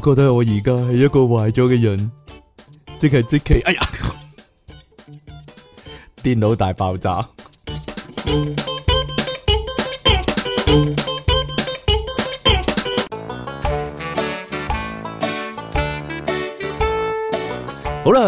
我覺得我而家係一個壞咗嘅人，即係積淇，哎呀，電腦大爆炸！好啦，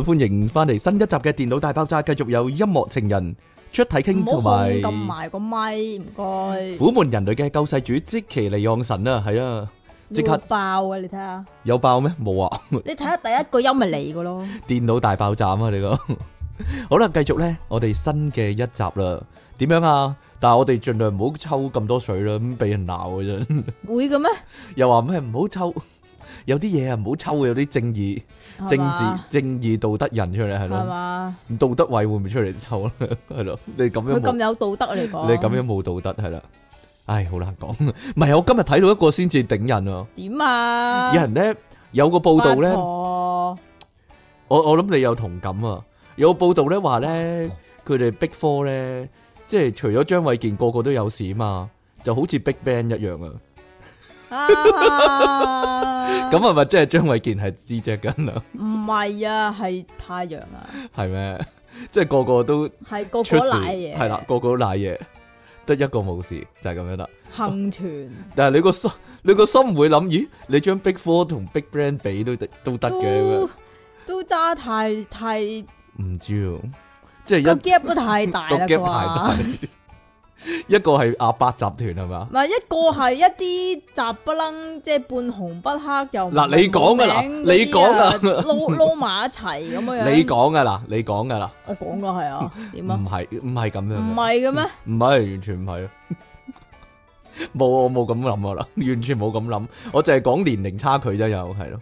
歡迎翻嚟新一集嘅《電腦大爆炸》，繼續有音樂情人出體 king，同埋，唔好同咁埋個咪，唔該。苦悶人類嘅救世主積淇離岸神啊，係啊！即刻爆啊！你睇下有爆咩？冇啊！你睇下第一個音咪嚟個咯。電腦大爆炸啊！你講好啦，繼續咧，我哋新嘅一集啦。點樣啊？但係我哋盡量唔好抽咁多水啦，咁俾人鬧嘅啫。會嘅咩？又話咩唔好抽？有啲嘢啊，唔好抽嘅有啲正義、政治、正義道德人出嚟係咯。道德位會唔會出嚟抽咧？係咯，你咁樣冇咁有道德嚟講。你咁樣冇道德係啦。唉，好難講。唔係，我今日睇到一個先至頂人啊！點啊？有人咧，有個報道咧婆，我我諗你有同感啊！有個報道咧話咧，佢哋 Big Four 咧，即係除咗張衛健個個都有事啊嘛，就好似 Big Bang 一樣啊！咁係咪即係張衛健係 G-Dragon 啊？唔係 啊，係太陽啊！係咩、啊？ 即係個個都係個個瀨嘢，係啦，個個都瀨嘢。個個得一個冇事就係、是、咁樣啦，倖存。 但係你個心，你個心唔會諗，咦？你將 Big Four 同 Big Brand 比都得，都得嘅咁樣，都揸太太唔知，即係一個 gap 都太大啦啩。一個係阿八集團係嘛？唔係一個係一啲雜不楞，即係半紅不黑又嗱，你講噶啦，你講噶，撈撈埋一齊咁樣。你講噶啦，你講噶啦。我講噶係啊，點啊？唔係唔係咁樣。唔係嘅咩？唔係完全唔係咯，冇我冇咁諗啦，完全冇咁諗，我淨係講年齡差距啫，又係咯。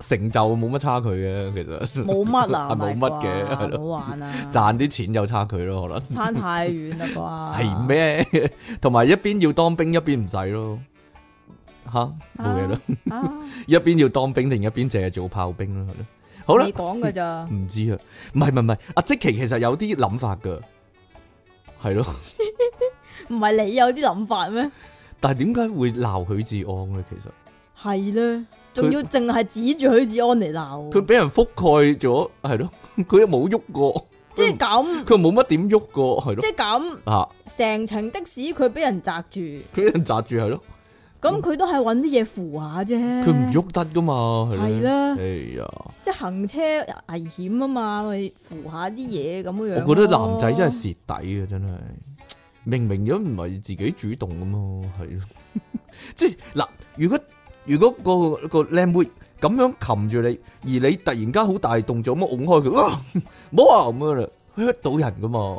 成就冇乜差距嘅，其實冇乜啊，冇乜嘅，係咯，好玩啊！賺啲錢有差距咯，可能差太遠啦，啩係咩？同埋一邊要當兵，一邊唔使咯，吓冇嘢咯，啊、 一邊要當兵定一邊淨係做炮兵啦，係咯，好啦，你講噶咋？唔知啊，唔係唔係唔係，阿積淇其實有啲諗法噶，係 咯 唔係你有啲諗法咩？但係點解會鬧許志安咧？其實係咧。仲要淨係指住許志安嚟鬧？佢俾人覆蓋咗，係咯，佢又冇喐過。即係咁。佢冇乜點喐過，係咯。即係咁。啊！成程的士佢俾人砸住。佢俾人砸住係咯。咁佢都係揾啲嘢扶下啫。佢唔喐得噶嘛？係啦。的哎呀！即係行車危險啊嘛，咪扶下啲嘢咁樣樣。我覺得男仔真係蝕底啊！真係，明明都唔係自己主動噶嘛，係咯。 即係嗱，如果。如果個個靚妹咁樣擒住你，而你突然間好大動作咁樣㧬開佢，冇啊咁樣啦，吓到人噶嘛，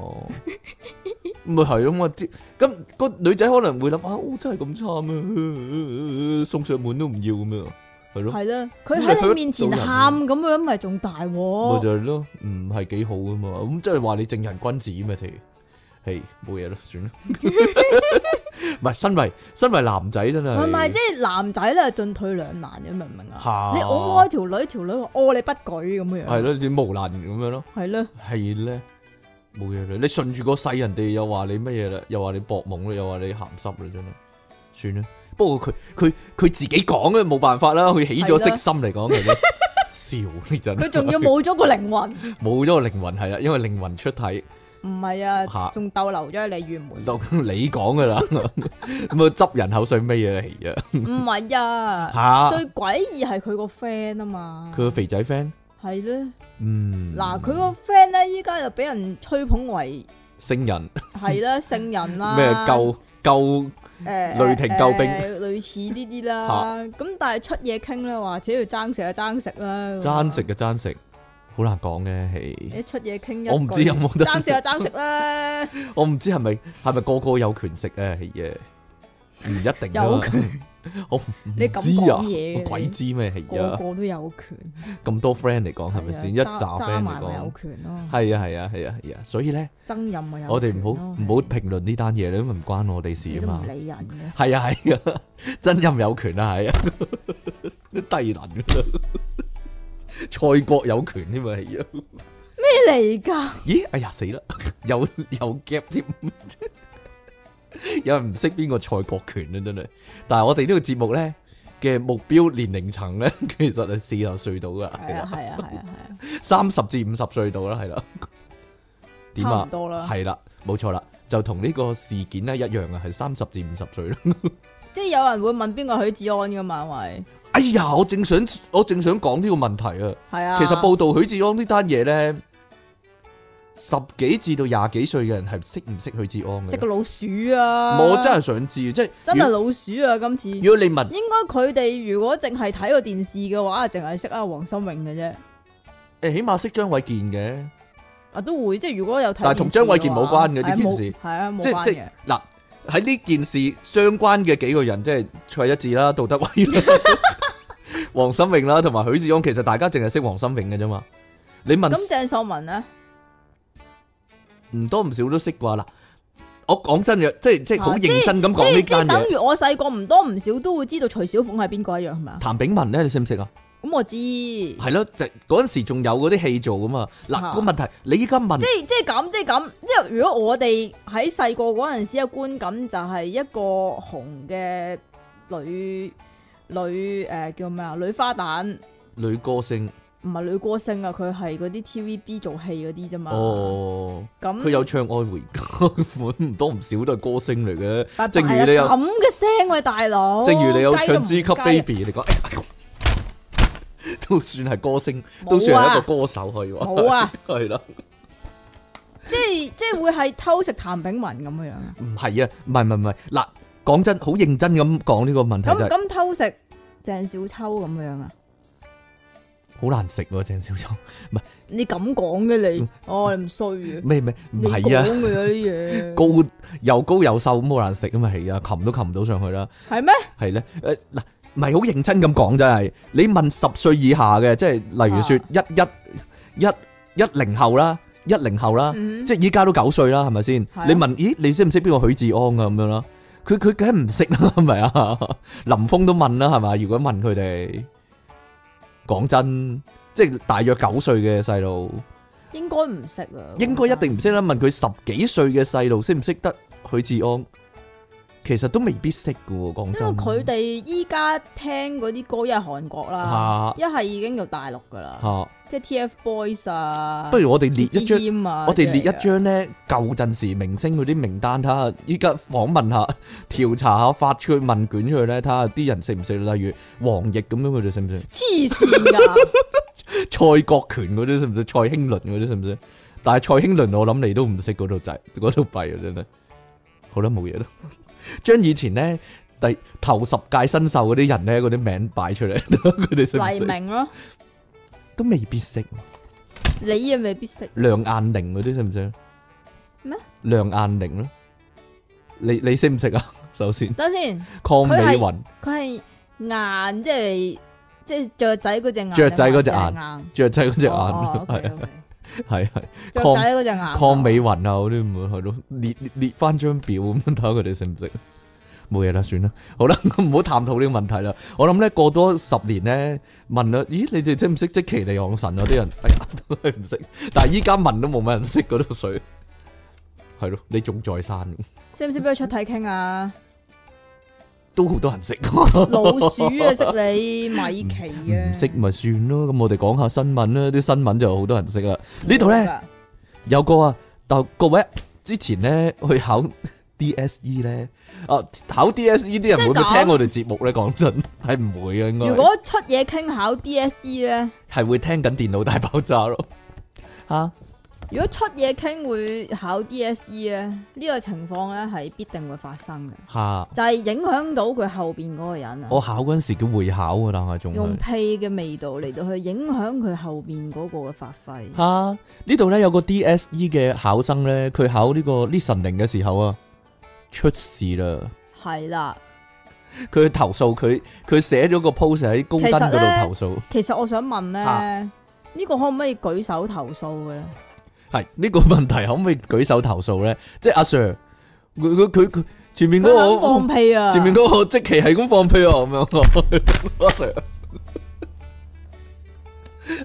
咪係咯嘛啲咁個女仔可能會諗啊，真係咁差啊，送上門都唔要咁樣，係咯，係啦，佢喺你面前喊咁樣，咪仲大，咪就係咯，唔係幾好噶嘛，咁即係話你正人君子咩？其實。係冇嘢咯，算啦。唔 係身為身為男仔真係，唔係即係男仔咧，進退兩難你明唔明啊？你愛條女，條女話愛你不舉咁樣，樣，係咯的，你無能咁樣咯，係咯，係咧，冇嘢啦。你順住個世人，人哋又話你乜嘢啦，又話你博懵啦，又話你鹹濕啦，真係，算啦。不過佢佢佢自己講嘅冇辦法啦，佢起咗色心嚟講，的其實笑呢陣，佢仲 要冇咗個靈魂，冇咗 個靈魂係啊，因為靈魂出體。唔係啊，仲逗留咗喺你原門。你講噶啦，咁啊執人口水咩嘢？咪啊，唔係啊，最詭異係佢個 friend 啊嘛。佢個肥仔 friend 係咧，嗯，嗱佢個 friend 咧，依家又俾人吹捧為聖人，係啦聖人啦，咩救救誒雷霆救兵，類似呢啲啦。咁但係出嘢傾啦話，只要要爭食就爭食啦，爭食就爭食。好難講嘅，係。你出嘢傾一，我唔知有冇得爭食就爭食啦。我唔知係咪係咪個個有權食啊？係嘢，唔一定咯，有權。我你咁講嘢，鬼知咩？個個都有權。咁多 friend 嚟講係咪先？一紮 friend 嚟講，有權咯。係啊係啊係啊係啊，所以咧，爭任我哋唔好唔好評論呢單嘢啦，因為唔關我哋事啊嘛。理人嘅。係啊係啊，爭任有權啊係，啲低能。蔡國有權添嘛？係 啊，咩嚟噶？咦！哎呀，死啦！ 有有 gap 添， 有人唔識邊個蔡國權啊！真係，但係我哋呢個節目咧嘅目標年齡層咧， 其實係四十歲到噶，係、哎、呀吧啊，係啊，係啊，係啊，三十至五十歲到啦，係啦，點啊？多啦，係啦，冇錯啦，就同呢個事件咧一樣啊，係三十至五十歲。 即係有人會問邊個許志安噶嘛？係。哎呀，我正想我正想講呢個問題啊！其實報道許志安呢單嘢咧，十幾至到廿幾歲嘅人係識唔識許志安嘅？識個老鼠啊！我真係想知，即係真係老鼠啊！今次如果你問，應該佢哋如果淨係睇個電視嘅話，淨係識阿黃心穎嘅啫。誒，起碼識張衛健嘅，啊都會即係如果有睇，但係同張衛健冇關嘅呢件事。係啊，冇關嘅嗱。喺呢件事相關嘅幾個人，即係蔡一智啦、杜德偉、黃心穎啦，同埋許志安。其實大家淨係識黃心穎嘅啫嘛。你問咁鄭秀文呢？唔多唔少都識啩嗱。我講真嘅，即係即係好認真咁講呢件嘢。啊、即係等於我細個唔多唔少都會知道徐小鳳係邊個一樣係嘛。譚炳文咧，你識唔識啊？咁我知，係咯，就嗰陣時仲有嗰啲戲做噶嘛。嗱，嗰個問題你依家問，即係即係咁，即係咁。即係如果我哋喺細個嗰陣時嘅觀感，就係一個紅嘅女女誒、呃、叫咩啊？女花旦，女歌星，唔係女歌星啊！佢係嗰啲 TVB 做戲嗰啲啫嘛。哦，咁佢那有唱《愛回家》，款唔多唔少都係歌星嚟嘅。但正如你有咁嘅聲喂大佬，正如你有唱 G《G 級 Baby》哎，你講。 都算係歌星，都算係一個歌手去喎，係咯，即係即係會係偷食譚炳文咁樣啊？唔係啊，唔係唔係，嗱，講真，好認真咁講呢個問題就咁偷食鄭少秋咁樣、 like、啊？好難食喎，鄭少秋，唔係你咁講嘅你，哦、oh, 啊，啊、你唔衰啊？咩咩唔係啊？啲嘢高,高 又高又瘦咁好難食啊嘛，係啊，擒都擒唔到上去啦嗎，係咩？係咧，誒嗱。唔係好認真咁講，真係你問十歲以下嘅，即係例如說一一一一零後啦，一零後啦，即係而家都九歲啦，係咪先？你問咦，你識唔識邊個許志安啊？咁樣咯，佢佢梗係唔識啦，係咪啊？林峯都問啦，係咪？如果問佢哋，講真，即係大約九歲嘅細路，應該唔識啊。應該一定唔識啦。問佢十幾歲嘅細路，識唔識得許志安？其實都未必識噶喎，講真。因為佢哋依家聽嗰啲歌，一係韓國啦，一係、啊、已經有大陸噶啦，啊、即係 TF Boys 啊。不如我哋列一張，啊、我哋列一張咧舊陣時明星嗰啲名單，睇下依家訪問下、調查下發出去問卷出去咧，睇下啲人識唔識。例如王奕咁樣，佢哋識唔識？黐線噶！ 蔡國權嗰啲識唔識？蔡興麟嗰啲識唔識？但係蔡興麟我諗你都唔識嗰度仔，嗰度弊啊真係。好啦，冇嘢啦。將以前咧第頭十屆新秀嗰啲人咧嗰啲名擺出嚟，佢哋識唔識？黎明咯，都未必識。你又未必識。梁雁玲嗰啲識唔識？咩？梁雁玲咯，你你識唔識啊？首先，等先。鄺美雲，佢係眼，即係即係雀仔嗰隻眼，雀仔嗰隻眼，雀仔嗰隻眼，係。係係，仔嗰隻牙，鄺，鄺美雲啊，嗰啲唔係咯，列列翻張表咁樣睇下佢哋識唔識，冇嘢啦，算啦，好啦，唔 好探討呢個問題啦。我諗咧過多十年咧問啦，咦，你哋識唔識積淇離岸神啊？啲人哎呀，都係唔識，但係依家問都冇乜人識嗰啲水，係咯，你仲在生，識唔識俾佢出體傾啊？ 都好多人識，老鼠啊， 識你米奇啊，唔識咪算咯。咁我哋講下新聞啦，啲新聞就好多人識啦。呢度咧有個，個呢呢啊，但各位之前咧去考 DSE 咧，啊考 DSE 啲人會唔會聽我哋節目咧？講真係唔會啊應該。如果出嘢傾考 DSE 咧，係會聽緊電腦大爆炸咯，啊，吓。如果出體 king 會考 DSE 咧，呢個情況咧係必定會發生嘅。吓哈，就係影響到佢後邊嗰個人啊！我考嗰陣時叫會考噶啦，仲用屁嘅味道嚟到去影響佢後邊嗰個嘅發揮。吓，呢度咧有個 DSE 嘅考生咧，佢考呢個 listening 嘅時候啊，出事啦！係啦的，佢投訴佢佢寫咗個 post 喺高登嗰度投訴其。其實我想問咧，呢哈個可唔可以舉手投訴嘅咧？係呢個問題可唔可以舉手投訴咧？即係阿 Sir，佢佢佢佢前面嗰個放屁啊！前面嗰個即係咁放屁啊！咁樣，阿 Sir，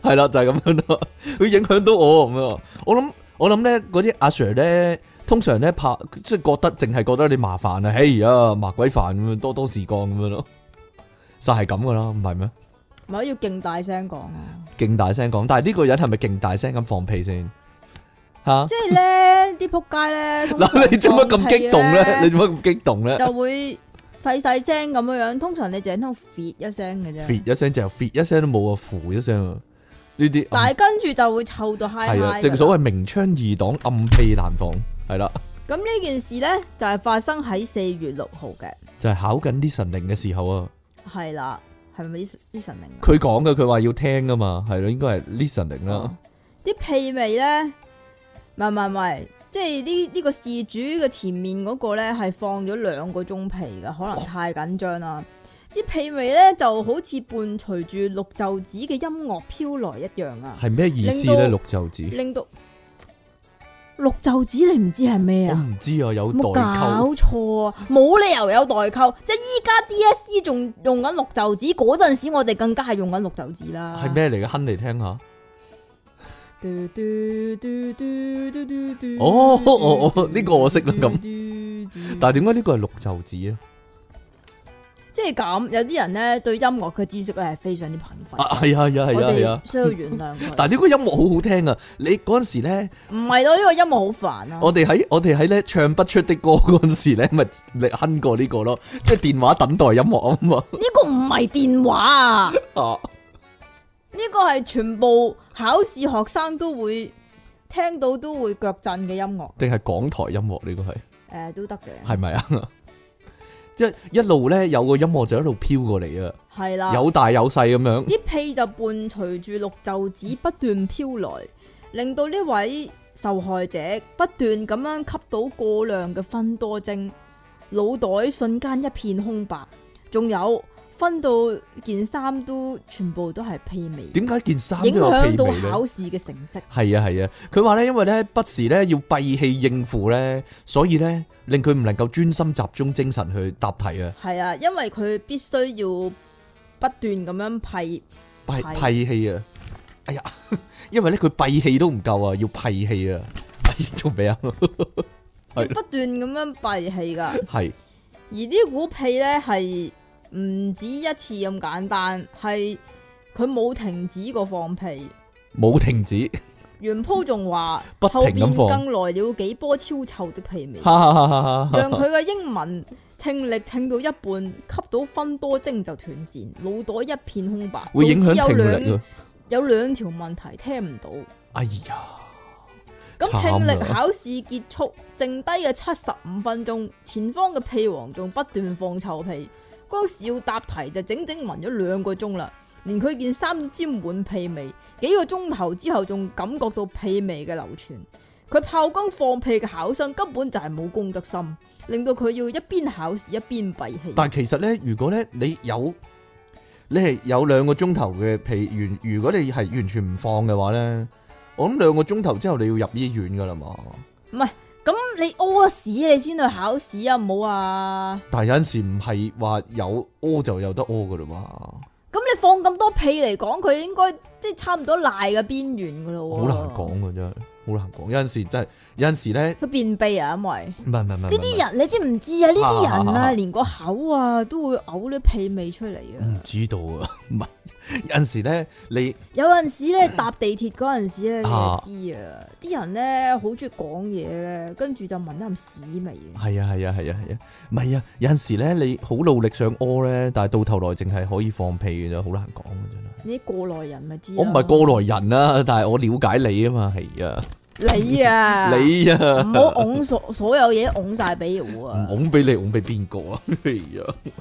係啦，就係咁樣咯，佢影響到我咁樣。我諗我諗咧，嗰啲阿 Sir 咧，通常咧怕即係覺得淨係覺得你麻煩啊，哎呀麻鬼煩咁樣，多多事幹咁樣咯，就係咁噶啦，唔係咩？唔係要勁大聲講啊！勁大聲講，但係呢個人係咪勁大聲咁放屁先？即係咧，啲仆街咧，嗱，你做乜咁激動咧？你做乜咁激動咧？就會細細聲咁樣樣，通常你淨係聽 fit 一聲嘅啫，fit 一聲就 fit 一聲都冇啊，扶一聲啊，呢啲。但係跟住就會臭到 hi hi。係啊，正所謂明槍易擋，暗屁難防，係啦。咁呢件事咧就係發生喺四月六號嘅，就係考緊啲神靈嘅時候啊。係啦，係咪啲啲神靈？佢講嘅，佢話要聽噶嘛，係咯，應該係 listening 啦。啲屁味咧～唔係唔係，即係呢呢個事主嘅前面嗰個咧，係放咗兩個鐘皮噶可能太緊張啦。啲屁味咧就好似伴隨住綠袖子嘅音樂飄來一樣啊！係咩意思咧令到？綠袖子令到綠袖子你唔知係咩啊？我唔知啊，有代溝？冇錯啊，冇理由有代溝。即係依家 DSE 仲用緊綠袖子，嗰陣時我哋更加係用緊綠袖子啦。係咩嚟嘅？哼嚟聽下。哦，我我呢個我識啦，咁，但係點解呢個係綠袖子啊？即係咁，有啲人咧對音樂嘅知識咧係非常之貧乏。係啊係啊係啊，需要原諒佢。但係呢個音樂好好聽啊！你嗰陣時咧，唔係咯？呢個音樂好煩啊！我哋喺我哋喺咧唱不出的歌嗰陣時咧，咪嚟哼過呢個咯，即係電話等待音樂啊嘛。呢個唔係電話啊。呢個係全部考試學生都會聽到都會腳震嘅音樂，定係港台音樂呢個係？誒、呃，都得嘅，係咪啊？一一路呢，有個音樂就一路飄過嚟啊！係啦的，有大有細咁樣，啲屁就伴隨住綠袖子不斷飄來，令到呢位受害者不斷咁樣吸到過量嘅芬多精，腦袋瞬間一片空白，仲有。分到件衫都全部都係屁味，點解件衫影響到考試嘅成績？係啊係啊，佢話咧，因為咧不時咧要閉氣應付咧，所以咧令佢唔能夠專心集中精神去答題啊。係啊，因為佢必須要不斷咁樣屁，閉閉氣啊！哎呀，因為咧佢閉氣都唔夠啊， 要閉氣啊！閉氣做咩啊？不斷咁樣閉氣噶，係而呢股屁咧係。唔止一次咁簡單，係佢冇停止過放屁，冇停止。原鋪仲話後邊更來了幾波超臭的屁味， 讓佢嘅英文聽力聽到一半，吸到分多精就斷線，腦袋一片空白。會影響聽力，有兩條問題聽唔到。哎呀，咁聽力考試結束，了剩低嘅七十五分鐘，前方嘅屁王仲不斷放臭屁。嗰時要答題就整整聞咗兩個鐘啦，連佢件衫沾滿屁味，幾個鐘頭之後仲感覺到屁味嘅流傳。佢炮轟放屁嘅考生根本就係冇公德心，令到佢要一邊考試一邊閉氣。但其實呢，如果咧你有，你係有兩個鐘頭嘅屁完，如果你係完全唔放嘅話呢，我諗兩個鐘頭之後你要入醫院噶啦嘛。唔係。咁你屙屎你先去考試啊，唔好啊！但係 有陣時唔係話有屙就有得屙噶啦嘛。咁你放咁多屁嚟講，佢應該即係差唔多賴嘅邊緣噶咯。好難講噶真係。 好難講，有陣時真係，有陣時咧，佢便秘啊，因為唔係唔係唔係呢啲人，你知唔知啊？呢啲人啊，連個口啊都會嘔啲屁味出嚟啊！唔知道啊，唔係有陣時咧，你有陣時咧搭地鐵嗰陣時咧，你知啊？啲人咧好中意講嘢咧，跟住就聞得啖屎味。係啊係啊係啊係啊，唔係啊，有陣時咧你好努力想屙咧，但係到頭來淨係可以放屁，就好難講真係。你過來人咪知？我唔係過來人啊，但係我了解你啊嘛，係啊。你啊，你啊，唔好拱所所有嘢拱晒俾我你啊，拱俾你拱俾邊個啊？哎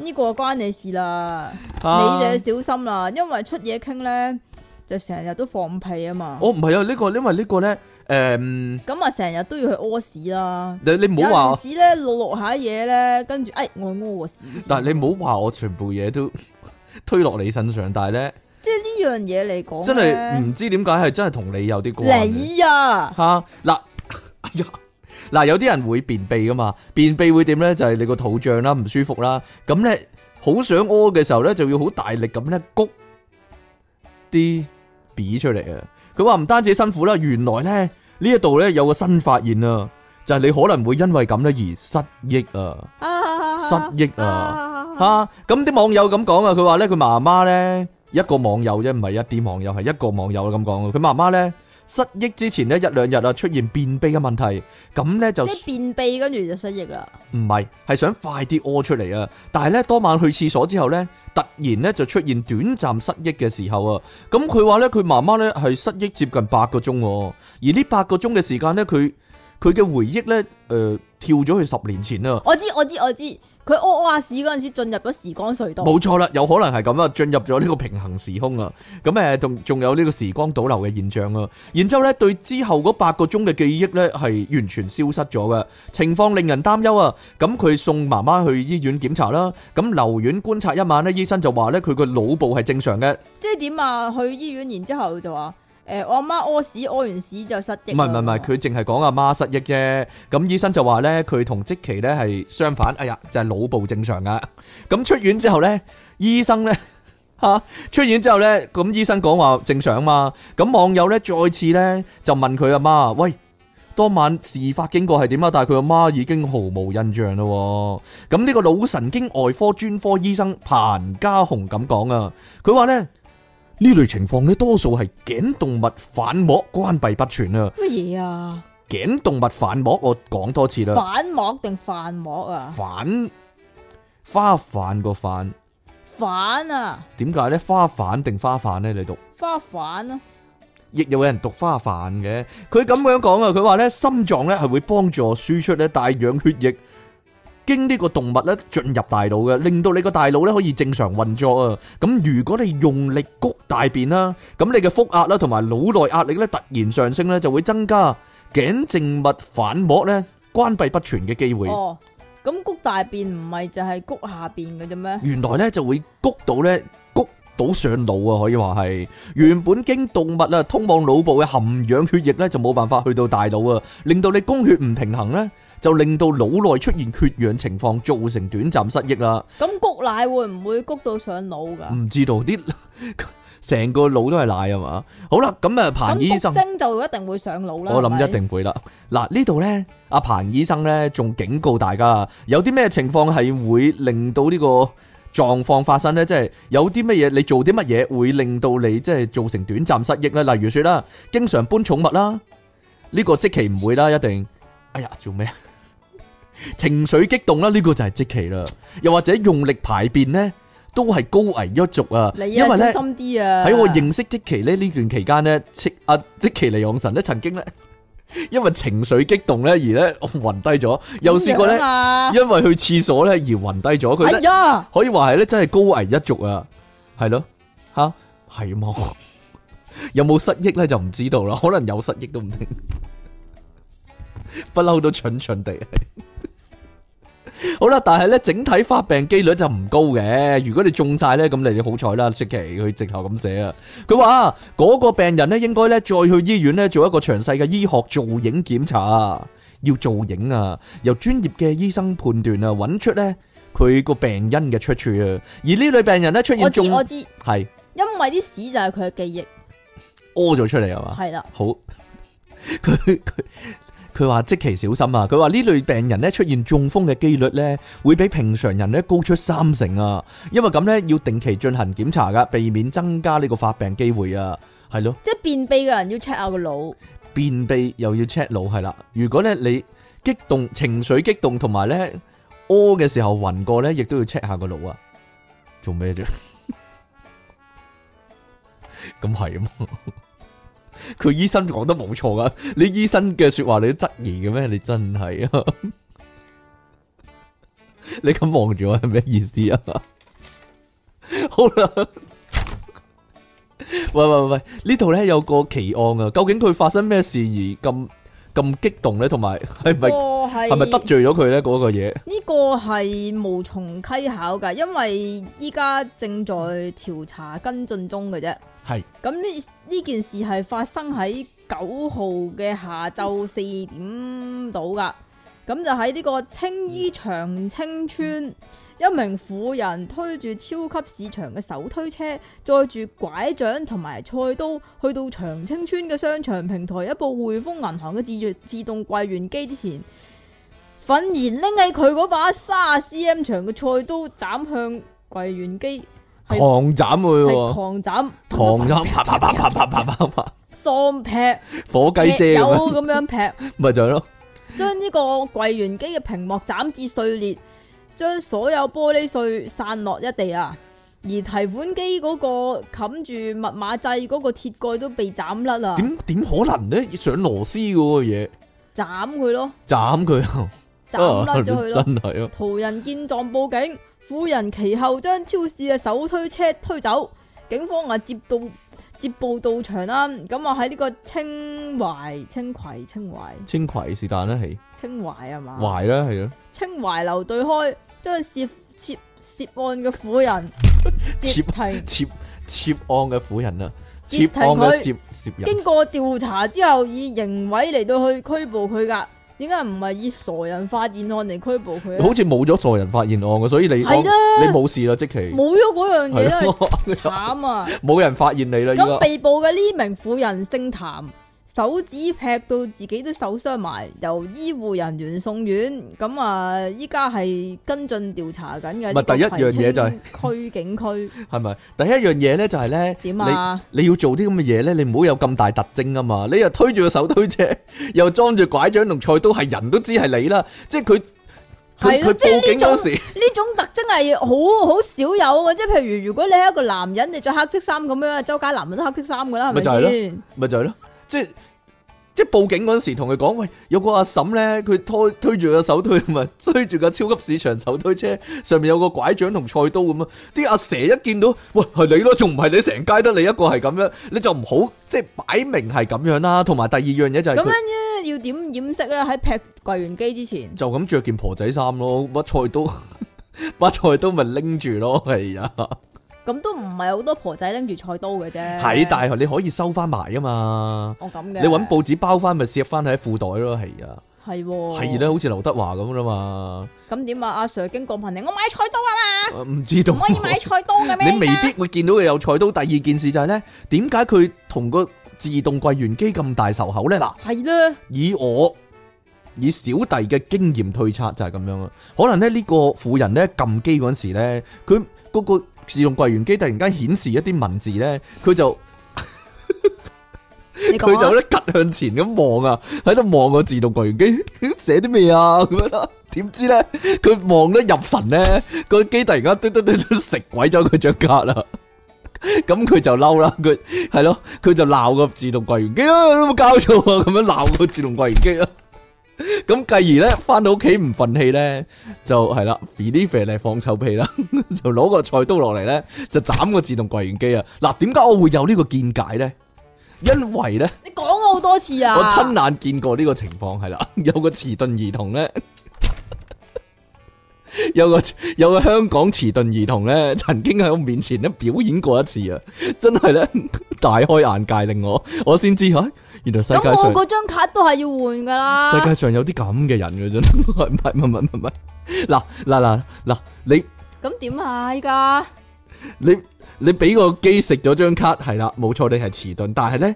呢個關你事啦，啊、你就要小心啦，因為出嘢傾咧就成日都放屁啊嘛。我唔係啊，呢、這個因為個呢個咧誒，咁啊成日都要去屙屎啦。你你唔好話屎咧落落下嘢咧，跟住哎我屙屎。但係你唔好話我全部嘢都推落你身上，但係咧。即係呢樣嘢嚟講，真係唔知點解係真係同你有啲關。你啊吓嗱，啊啊哎、呀嗱、啊，有啲人會便秘噶嘛？便秘會點咧？就係、是，你個肚脹啦，唔舒服啦。咁咧好想屙嘅時候咧，就要好大力咁咧，谷啲屎出嚟啊。佢話唔單止辛苦啦，原來咧呢一度咧有個新發現啊，就係、是，你可能會因為咁咧而失憶、啊啊、失憶啊，失憶啊吓！咁、啊、啲、啊啊、網友咁講啊，佢話咧佢媽媽咧。一個網友啫，唔係一啲網友，係一個網友咁講嘅。佢媽媽呢，失憶之前呢一兩日啊，出現便秘嘅問題，咁呢，就即係便秘跟住就失憶啦。唔係，係想快啲屙出嚟啊。但係呢，當晚去廁所之後呢，突然呢就出現短暫失憶嘅時候啊。咁佢話呢，佢媽媽呢係失憶接近八個鐘，而呢八個鐘嘅時間呢，佢佢嘅回憶呢，誒、呃、跳咗去十年前啊！我知我知我知。佢屙屙屎嗰陣時進入咗時光隧道，冇錯啦，有可能係咁啊，進入咗呢個平行時空啊，咁誒，仲仲有呢個時光倒流嘅現象啊，然之後呢，對之後嗰八個鐘嘅記憶呢，係完全消失咗嘅。情況令人擔憂啊，咁佢送媽媽去醫院檢查啦，咁留院觀察一晚呢，醫生就話呢，佢個腦部係正常嘅，即係點啊？去醫院然之後就話。誒、呃、我阿媽屙屎屙完屎就失憶，唔係唔係唔係，佢淨係講阿媽失憶啫。咁醫生就話呢，佢同積淇呢係相反，哎呀就係腦部正常噶。咁出院之後呢，醫生呢，吓、啊？出院之後呢，咁醫生講話正常嘛。咁網友呢，再次呢，就問佢阿媽，媽，喂，當晚事發經過係點啊？但係佢阿媽已經毫無印象咯。咁呢個腦神經外科專科醫生彭家鴻咁講啊，佢話呢。呢類情況咧，多數係頸動脈反膜關閉不全啊！乜嘢啊？頸動脈反膜，我講多次啦。反膜定反膜啊？反花瓣個反反啊？點解咧？花瓣定花瓣咧？你讀花瓣咯？亦有人讀花瓣嘅，佢咁樣講啊！佢話咧心臟咧係會幫助輸出咧帶氧血液。經呢個動脈咧進入大腦嘅，令到你個大腦咧可以正常運作啊。咁如果你用力谷大便啦，咁你嘅腹壓啦同埋腦內壓力咧突然上升咧，就會增加頸靜脈瓣膜咧關閉不全嘅機會。哦，咁谷大便唔係就係谷下邊嘅啫咩？原來咧就會谷到咧谷到上腦啊，可以話係原本經動脈啊通往腦部嘅含氧血液咧就冇辦法去到大腦啊，令到你供血唔平衡咧。就令到腦內出現缺氧情況，造成短暫失憶啦。咁谷奶會唔會谷到上腦噶？唔知道啲成 個腦都係奶啊嘛。好啦，咁啊，彭醫生精就一定會上腦啦。我諗一定會啦。嗱呢度呢，阿彭醫生呢，仲警告大家，有啲咩情況係會令到呢個狀況發生呢？即係有啲乜嘢，你做啲乜嘢會令到你即係造成短暫失憶呢？例如說啦，經常搬寵物啦，呢個即期唔會啦，一定。哎呀，做咩？情緒激動啦，呢、這個就係積淇啦，又或者用力排便呢，都係高危一族啊。你啊，小心啲啊。喺我認識積淇咧呢段期間呢，積阿積淇離岸神咧曾經呢，因為情緒激動呢而咧暈低咗，啊、又試過呢，因為去廁所呢而暈低咗。佢呀可以話係呢，真係高危一族啊，係咯，吓係嘛？ 有冇失憶呢？就唔知道啦，可能有失憶都唔定，不 嬲都蠢蠢地。 好啦，但係咧整體發病機率就唔高嘅。如果你中晒呢，咁你好彩啦。積淇佢直頭咁寫啊，佢話嗰個病人呢，應該呢，再去醫院呢，做一個詳細嘅醫學造影檢查，要造影啊，由專業嘅醫生判斷啊，揾出呢，佢個病因嘅出處啊。而呢類病人呢，出現中，我知係是因為啲屎就係佢嘅記憶屙咗出嚟係嘛，係啦，的好佢佢。 佢話即其小心啊！佢話呢類病人咧出現中風嘅幾率咧會比平常人咧高出三成啊！因為咁咧要定期進行檢查噶，避免增加呢個發病機會啊，係咯。即係便秘嘅人要 check 下個腦，便秘又要 check 腦。係啦。如果咧你激動、情緒激動同埋咧屙嘅時候暈過咧，亦都要 check 下個腦啊。做咩啫？咁係啊？佢醫生講得冇錯噶，你醫生嘅說話你都質疑嘅咩？你真係啊！ 你咁望住我係咩意思啊？ 好啦， 喂喂喂，呢度咧有個奇案啊！究竟佢發生咩事而咁咁激動咧？同埋係咪係咪得罪咗佢咧？嗰個嘢呢個係無從稽考噶，因為依家正在調查跟進中嘅啫。係咁呢？呢件事係發生喺九號嘅下晝四點到噶，咁就喺呢個青衣長青村，一名婦人推住超級市場嘅手推車，載住拐杖同埋菜刀，去到長青村嘅商場平台一部匯豐銀行嘅自動自動櫃員機之前，憤然拎起佢嗰把三 C M 長嘅菜刀斬櫃，斬向櫃員機。狂斬佢喎！狂斬！狂斬斬！啪啪啪啪啪啪啪啪！喪劈斬！斬火雞姐咁樣， 樣劈，咪 就係咯！將呢個櫃員機嘅屏幕斬至碎裂，將所有玻璃碎散落一地啊！而提款機嗰個冚住密碼掣嗰個鐵蓋都被斬甩啦！點點可能呢？要上螺絲嗰個嘢，斬佢咯！斬佢！斬甩咗佢咯！真係啊！途人見狀報警。婦人其後將超市嘅手推車推走，警方啊接到接報到場啦。咁啊喺呢個清淮、清葵、清淮、清葵是但啦係清淮係嘛？淮啦係咯。清淮樓對開將涉涉涉案嘅婦人截停涉涉案嘅婦人啊，涉案嘅涉涉。經過調查之後，以刑偉嚟到去拘捕佢㗎。點解唔係以傻人發現案嚟拘捕佢？好似冇咗傻人發現案嘅，所以嚟講你冇的事啦，即係冇咗嗰樣嘢都係慘啊！冇 人發現你啦！咁被捕嘅呢名婦人姓譚。手指劈到自己都受傷埋，由醫護人員送院，咁啊依家係跟進調查緊嘅。唔係第一樣嘢就係、是、區警區係咪？第一樣嘢咧就係咧點啊你？你要做啲咁嘅嘢咧，你唔好有咁大特徵啊嘛！你又推住個手推車，又裝住拐杖同菜刀，係人都知係你啦。即係佢佢報警嗰時呢種， 種特徵係好好少有啊。即係譬如如果你係一個男人，你着黑色衫咁樣，周街男人都黑色衫噶啦，係咪？咪就係咯，即係。即係報警嗰陣時，同佢講：喂，有個阿嬸咧，佢推推住個手推，咪追住架超級市場手推車，上面有個拐杖同菜刀咁樣！啲阿蛇一見到，喂係你咯，仲唔係你成街得你一個係咁樣？你就唔好即係擺明係咁樣啦、啊。同埋第二樣嘢就係咁樣、啊、要點掩飾咧？喺劈櫃員機之前，就咁着件婆仔衫咯，把菜刀把菜刀咪拎住咯，係啊！咁都唔係好多婆仔拎住菜刀嘅啫，係但係你可以收翻埋啊嘛，哦咁嘅，你搵報紙包翻咪攝翻喺褲袋咯，係啊，係係啦，好似劉德華咁啦嘛，咁點啊，阿 Sir 經過問你，我買菜刀啊嘛，唔知道，我可以買菜刀嘅咩？你未必會見到佢有菜刀。第二件事就係、是、咧，點解佢同個自動櫃員機咁大仇口咧？嗱的，係啦，以我以小弟嘅經驗推測就係咁樣咯，可能咧呢個婦人咧撳機嗰陣時咧，佢嗰、那個。自動櫃員機突然間顯示一啲文字咧，佢就佢 就咧吉向前咁望啊，喺度望個自動櫃員機寫啲咩啊咁樣，點 知咧佢望得入神咧，個機突然間嘟嘟嘟嘟食鬼咗佢張卡啦，咁 佢就嬲啦，佢係咯，佢就鬧個自動櫃員機啊，都冇搞錯啊，咁 樣鬧個自動櫃員機啊。咁繼而咧，翻到屋企唔忿氣咧，就係啦，肥啲肥嚟放臭屁啦， 就攞個菜刀落嚟咧，就斬個自動櫃員機啊！嗱，點解我會有呢個見解咧？因為咧，你講我好多次啊， 我親眼見過呢個情況係啦，有個遲鈍兒童咧。 有個有個香港遲鈍兒童咧，曾經喺我面前都表演過一次啊！真係咧，大開眼界，令我我先知佢，啊、原來世界上我張卡都係要換噶啦。世界上有啲咁嘅人嘅啫，唔係係係係，嗱嗱嗱嗱，你咁點係噶？你你俾個機食咗張卡係啦，冇錯，你係遲鈍，但係咧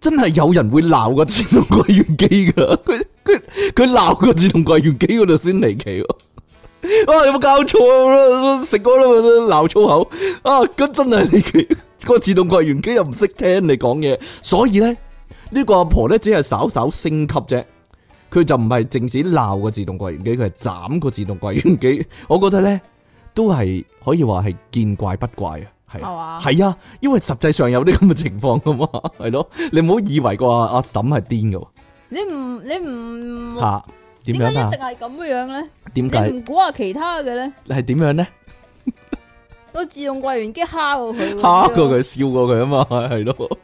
真係有人會鬧 個自動櫃員機噶，佢佢佢鬧個自動櫃員機嗰度先離奇。啊！有冇搞錯啊？食歌啦，鬧粗口啊！咁真係你個自動櫃員機又唔識聽你講嘢，所以咧呢、呢個阿婆咧只係稍稍升級啫，佢就唔係淨止鬧個自動櫃員機，佢係斬個自動櫃員機。我覺得咧都係可以話係見怪不怪啊，係係吧啊，因為實際上有啲咁嘅情況噶嘛，係咯、啊，你唔好以為個阿嬸係癲噶，你唔你唔吓。啊點解一定係咁樣咧？點解？你唔估下其他嘅咧？係點樣咧？ 都自動櫃員機蝦過佢，蝦 過佢，笑過佢 啊嘛，係係咯。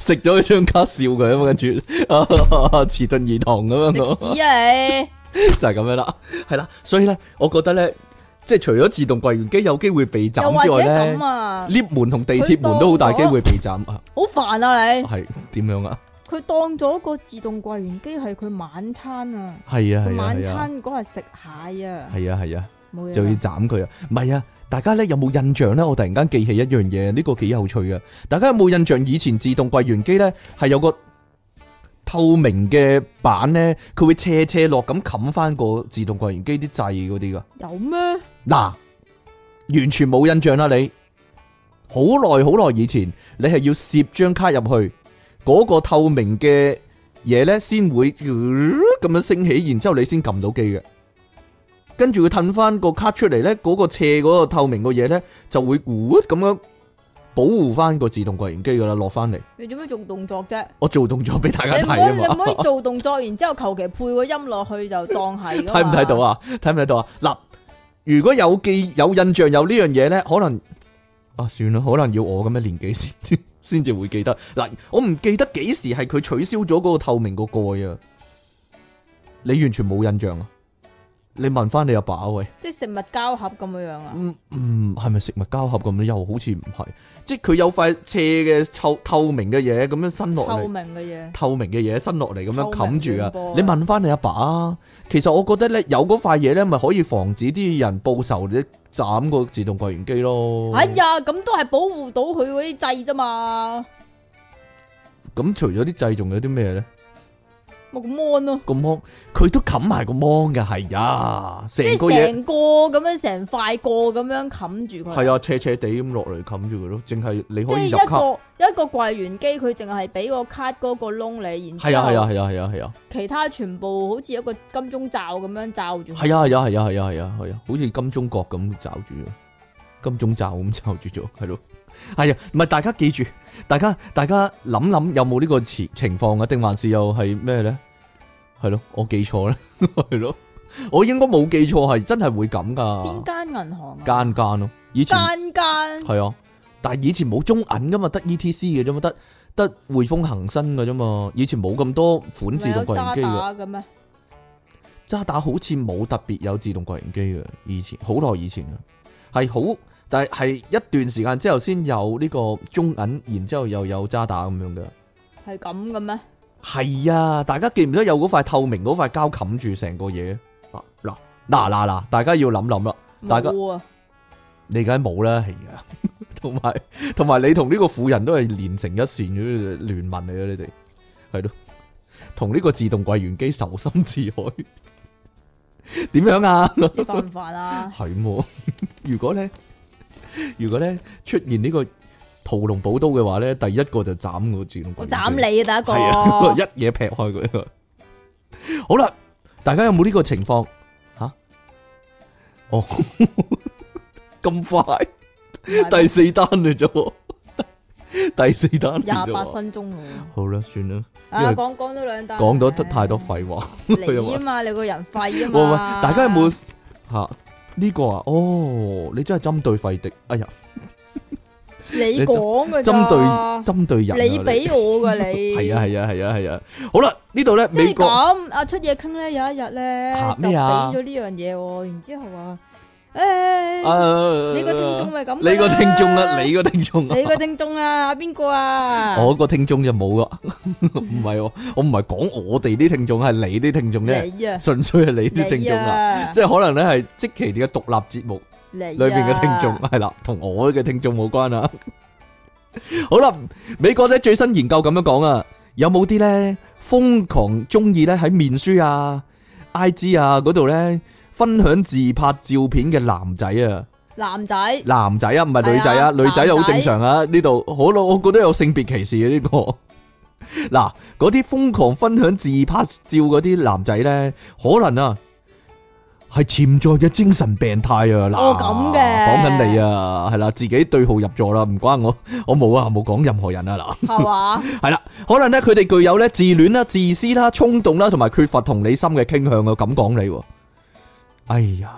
食咗一張卡笑佢啊嘛，跟住，遲鈍兒童咁樣。死你！ 就係咁樣啦，係啦。所以咧，我覺得咧，即係除咗自動櫃員機有機會被斬之外咧，lift 門同地鐵門都好大機會被斬啊！好煩啊！你係點樣啊？佢當咗個自動櫃員機係佢晚餐啊！係啊係啊，啊晚餐嗰日食蟹啊！係啊係啊，啊啊就要斬佢啊！唔係啊，大家咧有冇印象咧？我突然間記起一樣嘢，呢個幾有趣啊。大家有冇印象以前自動櫃員機咧係有個透明嘅板咧，佢會斜斜落咁冚翻個自動櫃員機啲掣嗰啲噶？有咩？嗱，完全冇印象啦，啊！你好耐好耐以前，你係要攝張卡入去。嗰個透明嘅嘢咧，先會咁、呃、樣升起，然之後你先撳到機嘅，跟住佢褪翻個卡出嚟咧，嗰、那個斜嗰個透明嘅嘢咧，就會咁、呃、樣保護翻個自動櫃員機噶啦，落翻嚟。你做咩做動作啫？我做動作俾大家睇啊嘛！你唔好你唔好做動作，然之後求其配個音落去就當係。睇唔睇到啊？睇唔睇到啊？嗱，如果有記有印象有呢樣嘢咧，可能啊，算啦，可能要我咁嘅年紀先。先至會記得，嗱，我唔記得幾時係佢取消咗嗰個透明個蓋啊！你完全冇印象啊！你問翻你阿爸喂，即係食物膠盒咁樣樣啊，嗯？嗯嗯，係咪食物膠盒咁樣？又好似唔係，即係佢有塊斜嘅透透明嘅嘢咁樣伸落嚟，透明嘅嘢，透明嘅嘢伸落嚟咁樣冚住啊！你問翻你阿爸啊！其實我覺得咧，有嗰塊嘢咧，咪可以防止啲人報仇，即係斬個自動櫃員機咯。哎呀，咁都係保護到佢嗰啲掣啫嘛。咁除咗啲掣，仲有啲咩咧？個芒咯，個芒佢都冚埋個芒嘅，係啊！成、啊、個成個咁樣，成塊個咁樣冚住佢。係啊，斜斜地咁落嚟冚住佢咯，淨係你可以入卡。一個一個櫃員機，佢淨係俾個卡嗰個窿你，然之後係啊係啊係啊係啊係啊，啊啊啊啊，其他全部好似一個金鐘罩咁樣罩住。係啊係啊係啊係啊係啊係啊，啊，啊，啊，好似金鐘角咁罩住，金鐘罩咁罩住咗，係咯、啊。係啊，唔係大家記住，大家大家諗諗有冇呢個情情況嘅，定還是又係咩咧？係咯，我記錯咧，係咯，我應該冇記錯，係真係會咁噶。邊間銀行啊？間間咯，以前間間係啊，但係以前冇中銀噶嘛，得 ETC 嘅啫，得得匯豐恒生嘅啫嘛，以前冇咁多款自動櫃員機嘅。渣打好似冇特別有自動櫃員機嘅，以前好耐以前啊，係好。但係一段時間之後先有呢個中銀，然之後又有渣打咁樣嘅，係咁嘅咩？係呀、啊，大家記唔記得有嗰塊透明嗰塊膠冚住成個嘢嗱嗱嗱嗱，大家要諗諗啦，有大家你梗係冇啦，係啊，同埋同埋你同呢個婦人都係連成一線嘅聯盟嚟嘅，你哋係咯，同 呢個自動櫃員機仇深似海，點 樣啊？冇辦法啊？係麼？ 如果呢。如果咧出現呢個屠龍寶刀嘅話咧，第一個就斬我自我斬你、啊、第一個，啊、一嘢劈開佢 好啦，大家有冇呢個情況吓、啊？哦，咁 快，第四單嚟咗， 第四單廿八分鐘，好啦，算啦。啊，講講多兩單，講咗太多廢話。你啊嘛，你個人廢啊嘛。大家有冇吓？呢、這個啊，哦，你真係針對費迪，哎呀，你講嘅，針對針對人、啊你，你俾我㗎，你係啊係啊係啊係啊，好啦，呢度咧，即係咁，阿國、啊啊、出體 king 咧，有一日咧就俾咗呢樣嘢，然之後啊。誒，你個聽眾咪咁？你個聽眾啦，你個聽眾，你個聽眾啊，阿邊個啊？我個聽眾就冇咯，唔係我，我唔係講我哋啲聽眾，係你啲聽眾啫，純粹係你啲聽眾啊，即係可能咧係積淇哋嘅獨立節目裏邊嘅聽眾，係啦，同我嘅聽眾冇關啊。好啦，美國咧最新研究咁樣講啊，有冇啲咧瘋狂中意咧喺面書啊、IG 啊嗰度咧？分享自拍照片嘅男仔啊，男仔，男仔啊，唔係女仔啊，啊女仔又好正常啊。呢度，好咯，我覺得有性別歧視嘅、啊、呢、呢個。嗱，嗰啲瘋狂分享自拍照嗰啲男仔呢，可能啊係潛在嘅精神病態啊。我咁嘅講緊你啊，係啦、啊，自己對號入座啦，唔關我，我冇啊，冇講任何人啊嗱。係嘛？係啦，可能呢，佢哋具有呢自戀啦、自私啦、衝動啦，同埋缺乏同理心嘅傾向啊，咁講你。哎呀，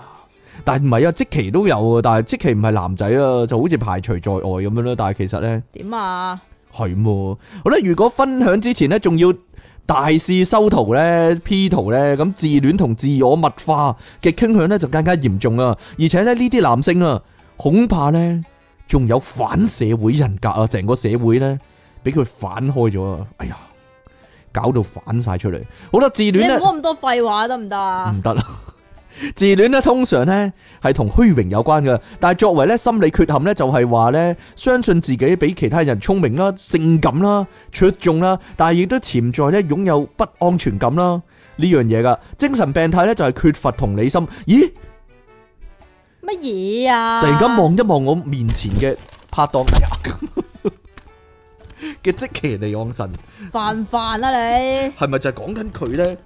但係唔係啊，即期都有啊，但係即期唔係男仔啊，就好似排除在外咁樣啦。但係其實呢，點啊？係咁、啊，我覺得如果分享之前呢，仲要大肆修圖呢，P 圖呢，咁自戀同自我物化嘅傾向呢，就更加嚴重啊！而且呢，呢啲男性啊，恐怕呢，仲有反社會人格啊，成個社會呢，俾佢反開咗啊！哎呀，搞到反晒出嚟，好多自戀，你唔好咁多廢話得唔得啊？唔得啦～ 自戀咧，通常咧係同虛榮有關噶，但係作為咧心理缺陷咧，就係話咧相信自己比其他人聰明啦、性感啦、出眾啦，但係亦都潛在咧擁有不安全感啦呢樣嘢噶。精神病態咧就係缺乏同理心。咦，乜嘢啊？突然間望一望我面前嘅拍檔嘅積淇離岸神，煩煩啦你，係咪就係講緊佢咧？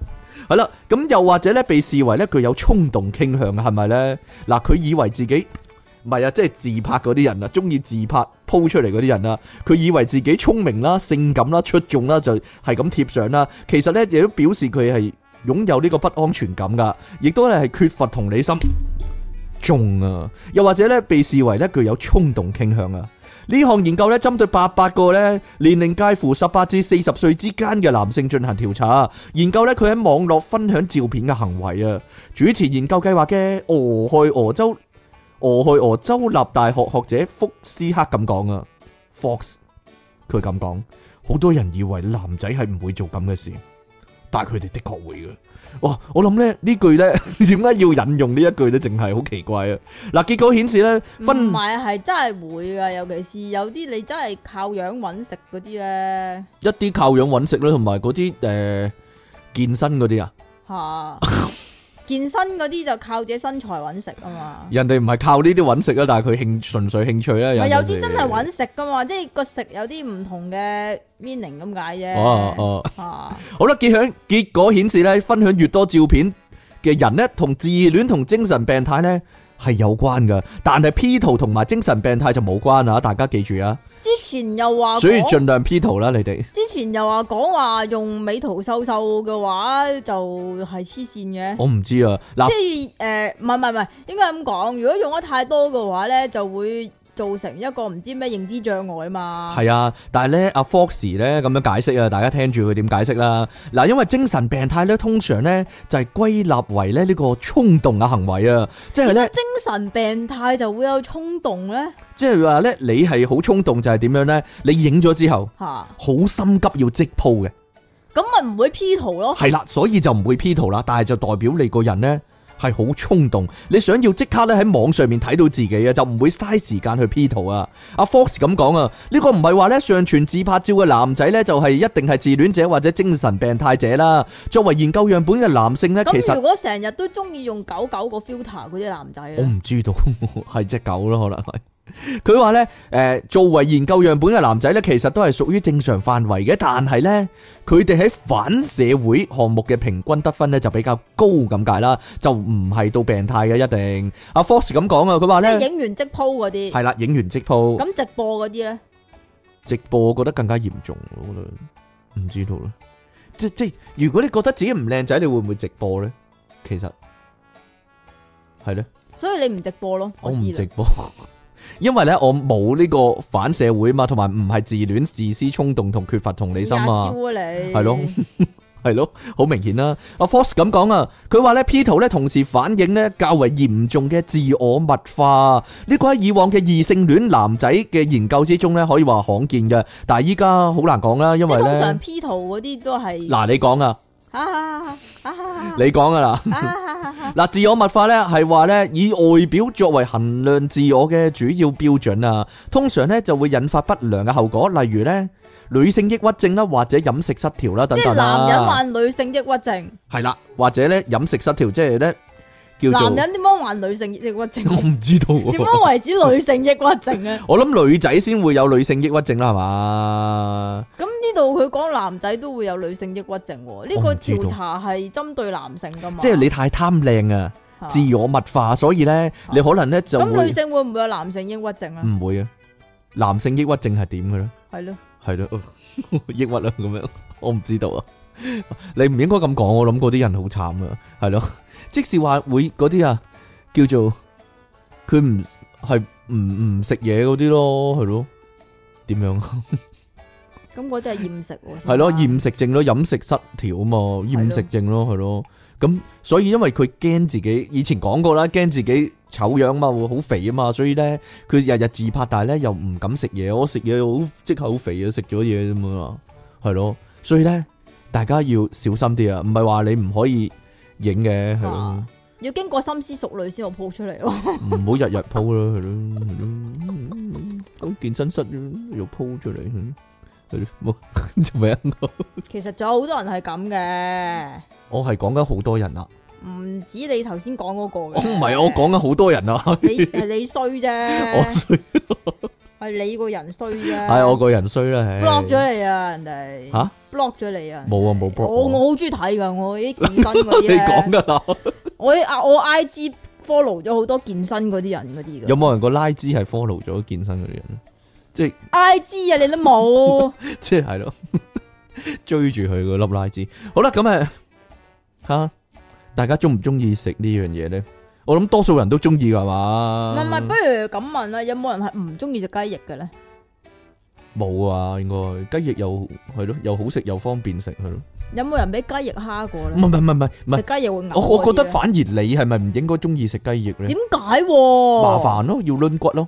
係啦，咁又或者咧，被視為咧具有衝動傾向，係咪呢？嗱，佢以為自己唔係啊，即係自拍嗰啲人啊，中意自拍 po 出嚟嗰啲人啊。佢以為自己聰明啦、性感啦、出眾啦，就係咁貼上啦。其實呢，亦都表示佢係擁有呢個不安全感噶，亦都係缺乏同理心中啊。又或者咧，被視為咧具有衝動傾向啊。呢項研究咧針對八百個咧年齡介乎十八至四十歲之間嘅男性進行調查，研究咧佢喺網絡分享照片嘅行為啊。主持研究計劃嘅俄亥俄州俄亥俄州立大學學者福斯克咁講啊，Fox，佢咁講，好多人以為男仔係唔會做咁嘅事。但係佢哋的確會嘅，哇！我諗咧呢句咧，點解要引用呢一句咧，淨係好奇怪啊！嗱，結果顯示咧，是分唔係真係會噶，尤其是有啲你真係靠樣搵食嗰啲咧，一啲靠樣搵食咧，同埋嗰啲誒健身嗰啲啊，吓哈。 健身嗰啲就靠自己身材揾食啊嘛，人哋唔係靠呢啲揾食啊，但係佢興純粹興趣啊。有有啲真係揾食噶嘛，即係個食有啲唔同嘅 meaning 咁解啫。哦哦，啊，好啦，結響結果顯示咧，分享越多照片嘅人咧，同自戀同精神病態咧。係有關噶，但係 P 圖同埋精神病態就冇關啊。大家記住啊！之前又話，所以盡量 P 圖啦，你哋。之前又話講話用美圖秀秀嘅話就係黐線嘅。我唔知啊，嗱即係誒，唔係唔係唔係，應該咁講。如果用得太多嘅話咧，就會。造成一個唔知咩認知障礙啊嘛，係啊，但係咧，阿 Fox 咧咁樣解釋啊，大家聽住佢點解釋啦。嗱，因為精神病態咧，通常咧就係、是、歸納為咧呢個衝動嘅行為啊，即係咧精神病態就會有衝動咧，即係話咧你係好衝動就係點樣咧？你影咗之後，嚇、啊，好心急要即鋪嘅，咁咪唔會 P 圖咯。係啦，啊，所以就唔會 P 圖啦，但係就代表你個人咧。係好衝動，你想要即刻咧喺網上面睇到自己啊，就唔會嘥時間去 P 圖啊。阿 Fox 咁講啊，呢個唔係話咧上傳自拍照嘅男仔咧就係一定係自戀者或者精神病態者啦。作為研究樣本嘅男性咧，其實如果成日都中意用狗狗個 filter 嗰啲男仔咧，我唔知道係隻狗咯，可能係。佢話咧，誒，作為研究樣本嘅男仔咧，其實都係屬於正常範圍嘅，但係咧，佢哋喺反社會項目嘅平均得分咧就比較高。咁解啦，就唔係到病態嘅一定。阿 Fox 咁講啊，佢話咧，即係影完即 po 嗰啲，係啦，影完即 po。咁直播嗰啲咧？直播我覺得更加嚴重，我覺得唔知道啦。即即如果你覺得自己唔靚仔，你會唔會直播咧？其實係咧，所以你唔直播咯，我唔直播。因為咧，我冇呢個反社會啊嘛，同埋唔係自戀、自私衝、衝動同缺乏同理心啊嘛，係咯、哎，係咯，好是的 明顯啦。阿 Force 咁講啊，佢話咧 P 圖咧同時反映呢較為嚴重嘅自我物化，呢個喺以往嘅異性戀男仔嘅研究之中咧可以話罕見嘅，但係依家好難講啦，因為咧通常 P 圖嗰啲都係嗱，你講啊。啊！你講噶啦，嗱，自我物化咧係話咧以外表作為衡量自我嘅主要標準啊，通常咧就會引發不良嘅後果，例如咧女性抑鬱症啦，或者飲食失調啦等等啊。即係男人患女性抑鬱症，係啦，或者咧飲食失調，即係咧。叫男人點樣患女性抑鬱症？我唔知道。點樣維持女性抑鬱症啊？ 我諗女仔先會有女性抑鬱症啦，係嘛？咁呢度佢講男仔都會有女性抑鬱症喎。呢個調查係針對男性噶嘛？即係你太貪靚啊，的自我物化，所以咧，你可能咧就咁，女性會唔會有男性抑鬱症啊？唔會啊！男性抑鬱症係點噶咧？係咯的，係咯是的， 抑鬱啦咁樣，我唔知道啊。你唔應該咁講，我諗嗰啲人好慘噶，係咯。 即使話會嗰啲啊，叫做佢唔係唔唔食嘢嗰啲咯，係、 嗯、咯，點樣？咁嗰啲係厭食係咯，厭食症咯，飲食失調啊嘛，厭食症咯，係咯。咁所以因為佢驚自己以前講過啦，驚自己醜樣啊嘛，會好肥啊嘛，所以咧佢日日自拍，但係咧又唔敢食嘢，我食嘢好即係好肥啊，食咗嘢啫嘛，係咯，所以咧。大家要小心啲啊，唔係話你唔可以影嘅，係要經過深思熟慮先我 po 出嚟咯，唔好日日 po 咯，係咯，健身室要 po 出嚟，就咪一個。嗯、 其實仲有好多人係咁嘅，我係講緊好多人啊，唔 止你頭先講嗰個嘅，唔係，我講緊好多人啊，你衰啫，我衰。你個人衰啫，係我個人衰啦，block 咗你啊，人哋吓 block 咗你啊，冇啊冇 block 我，我好中意睇噶，我啲健身嗰啲啊，你講噶啦，我啊我 IG follow 咗好多健身嗰啲人嗰啲噶，有冇人個 IG 係 follow 咗健身嗰啲人咧？即係 IG 啊，你都冇，即係係咯，追住佢個粒 IG。好啦，咁誒吓，大家中唔中意食呢樣嘢咧？我諗多數人都中意噶，係嘛？唔係唔係，不如咁問啦，有冇人係唔中意食雞翼嘅咧？冇啊，應該雞翼又係咯，又好食又方便食係咯。有冇人俾雞翼蝦過咧？唔係唔係唔係唔係，食雞翼會我我覺得反而你係咪唔應該中意食雞翼咧？點解？麻煩咯，要拎骨咯，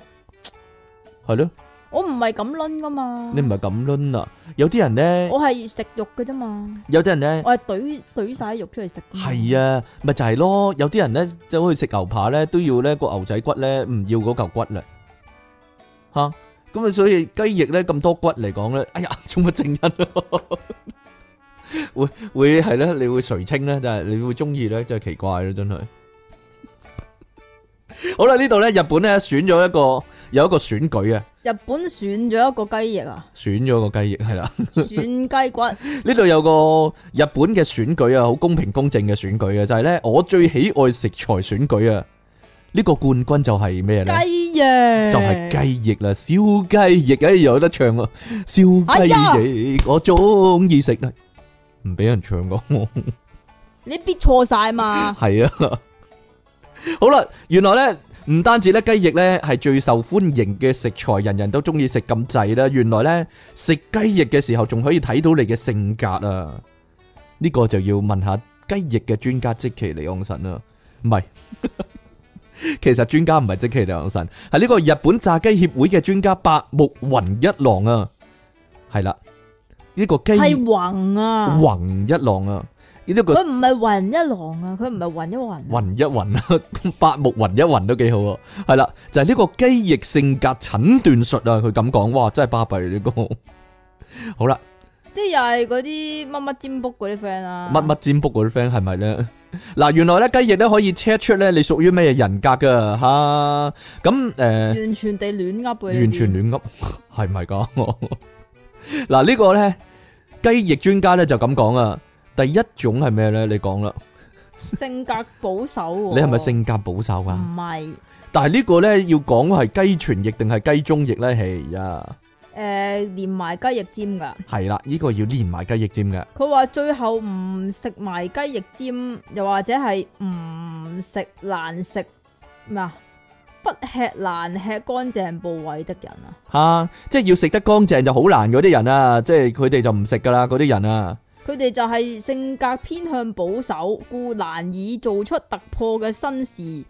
係咯。我唔係咁撚噶嘛，你唔係咁撚啊！有啲人咧，我係食肉嘅啫嘛，有啲人咧，我係懟懟晒肉出嚟食。係啊，咪就係咯，有啲人咧，即係去食牛扒咧，都要咧個牛仔骨咧唔要嗰嚿骨啦，吓咁啊！所以雞翼咧咁多骨嚟講咧，哎呀，做乜正音咯？會會係咧？你會垂青咧？即係你會中意咧？真係奇怪啦，真係。好啦，呢度咧，日本咧選咗一個有一個選舉啊，日本選咗一個雞翼啊，選咗個雞翼係啦，選雞骨。呢度有個日本嘅選舉啊，好公平公正嘅選舉啊。就係咧，我最喜愛食材選舉啊，呢、這個冠軍就係咩咧？雞翼就係雞翼啦，燒雞翼哎有得唱啊，燒雞翼、哎、呀我最中意食啊，唔俾人唱㗎，你必錯晒嘛？係啊。好啦，原來呢，唔單止咧雞翼呢係最受歡迎嘅食材，人人都中意食咁滯啦。原來呢，食雞翼嘅時候仲可以睇到你嘅性格啊！呢、這個就要問下雞翼嘅專家積淇離岸神啦。唔係， 其實專家唔係積淇離岸神，係呢個日本炸雞協會嘅專家白木雲一郎啊。係、嗯、啦，呢、這個雞係雲啊，雲一郎啊。佢唔係雲一郎啊，佢唔係雲一雲，雲一雲啊，雲雲八木雲一雲都幾好啊。係啦，就係、是、呢個雞翼性格診斷術啊，佢咁講，哇，真係巴閉呢個，好啦，即係又係嗰啲乜乜占卜嗰啲 friend 啦，乜乜占卜嗰啲 friend 係咪咧？嗱， 原來咧雞翼都可以 check 出咧你屬於咩人格噶嚇，咁、啊、誒，呃、完全地亂噏嘅，完全亂噏，係唔係噶？嗱 是 呢個咧雞翼專家咧就咁講啊。第一種係咩咧？你講啦，性格保守。你係咪性格保守啊？唔係。但係呢個咧要講係雞全翼定係雞中翼咧？係啊。誒，連埋雞翼尖噶。係啦，呢個要連埋雞翼尖噶。佢話最後唔食埋雞翼尖，又或者係唔食難食咩？不吃難吃乾淨部位的人啊。吓，即係要食得乾淨就好難嗰啲人啊！即係佢哋就唔食噶啦，嗰啲人啊。佢哋就係性格偏向保守，故難以做出突破嘅新事、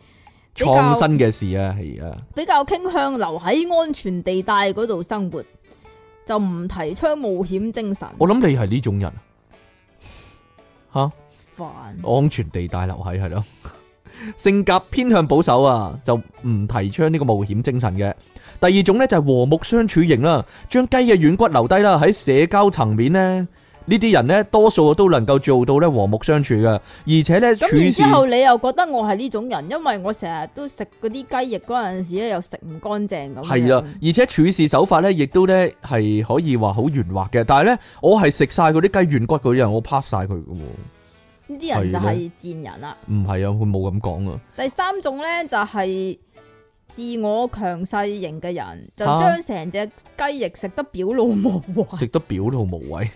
創新嘅事啊，係啊，比較傾向留喺安全地帶嗰度生活，就唔提倡冒險精神。我諗你係呢種人，吓，煩安全地帶留喺係咯， 性格偏向保守啊，就唔提倡呢個冒險精神嘅。第二種呢，就係、是、和睦相處型啦、啊，將雞嘅軟骨留低啦，喺社交層面呢。呢啲人呢，多數都能夠做到咧和睦相處嘅，而且呢，咁然之後，你又覺得我係呢種人，因為我成日都食嗰啲雞翼嗰陣時咧，又食唔乾淨咁。係啦，而且處事手法呢，亦都呢係可以話好圓滑嘅。但係呢，我係食晒嗰啲雞軟骨嘅人，我啪晒佢嘅喎。呢啲人就係賤人啦。唔係啊，佢冇咁講啊。第三種呢，就係、是、自我強勢型嘅人，啊、就將成隻雞翼食得表露無遺，食得表露無遺。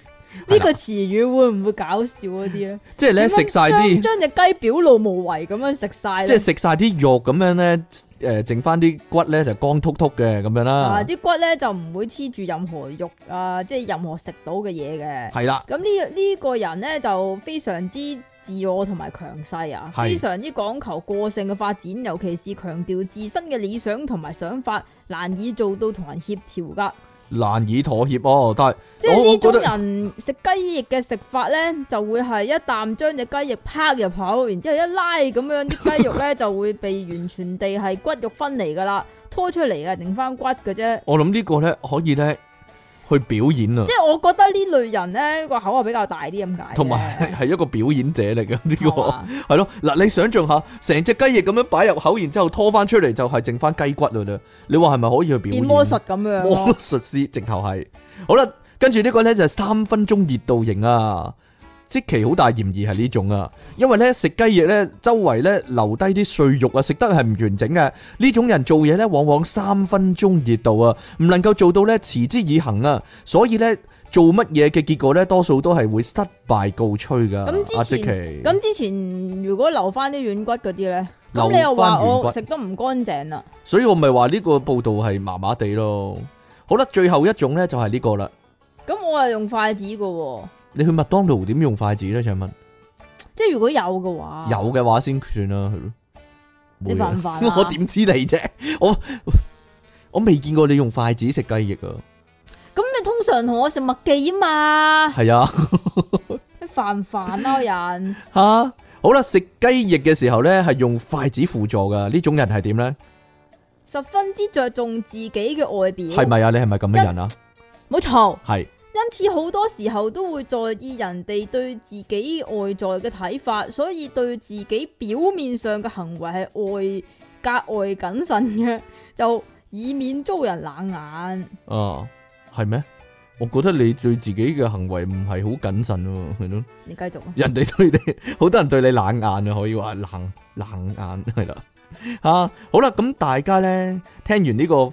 呢個詞語會唔會搞笑一啲咧？即係咧食晒啲，將隻雞表露無遺咁樣食晒，即係食晒啲肉咁樣咧，誒，剩翻啲骨咧就光禿禿嘅咁樣啦。啊，啲骨咧就唔會黐住任何肉啊，即係任何食到嘅嘢嘅。係啦的。咁呢呢個人咧就非常之自我同埋強勢啊，的非常之講求個性嘅發展，尤其是強調自身嘅理想同埋想法，難以做到同人協調噶。難以妥協哦，但係，我，我覺得，即係呢種人食雞翼嘅食法咧，就會係一啖將隻雞翼啪入口，然之後一拉咁樣啲雞肉咧就會被完全地係骨肉分離嘅啦， 拖出嚟嘅，定翻骨嘅啫。我諗呢個咧可以咧。去表演啊！即係我覺得呢類人咧個口係比較大啲咁解，同埋係一個表演者嚟嘅呢個係咯。嗱吧， 你想象下成隻雞翼咁樣擺入口，然之後拖翻出嚟就係剩翻雞骨啦。你話係咪可以去表演？變魔術咁樣，魔術師直頭係好啦。跟住呢個咧就係、是、三分鐘熱度型啊。積淇好大嫌疑係呢種啊，因為咧食雞翼咧周圍咧留低啲碎肉啊，食得係唔完整嘅。呢種人做嘢咧，往往三分鐘熱度啊，唔能夠做到咧持之以恒啊，所以咧做乜嘢嘅結果咧，多數都係會失敗告吹噶。阿積淇，咁之前如果留翻啲軟骨嗰啲咧，咁你又話我食得唔乾淨啊，所以我咪話呢個報道係麻麻地咯。好啦，最後一種咧就係呢個啦。咁我係用筷子噶、啊。你去麥當勞點用筷子咧？請問，即係如果有嘅話，有嘅話先算啦，係咯，冇辦法我點知你啫？我我未見過你用筷子食雞翼啊！咁你通常同我食麥記啊嘛？係啊，你煩煩咯人吓。好啦吵，食雞翼嘅時候咧，係用筷子輔助噶。呢種人係點咧？十分之着重自己嘅外表，係咪啊？你係咪咁嘅人啊？冇錯，係。因此好多時候都會在意人哋對自己外在嘅睇法，所以對自己表面上嘅行為係外格外謹慎嘅，就以免遭人冷眼。啊，係咩？我覺得你對自己嘅行為唔係好謹慎咯。你繼續。人哋對你，好多人對你冷眼啊，可以話冷冷眼係啦。吓、啊，好啦，咁大家咧聽完呢、這個。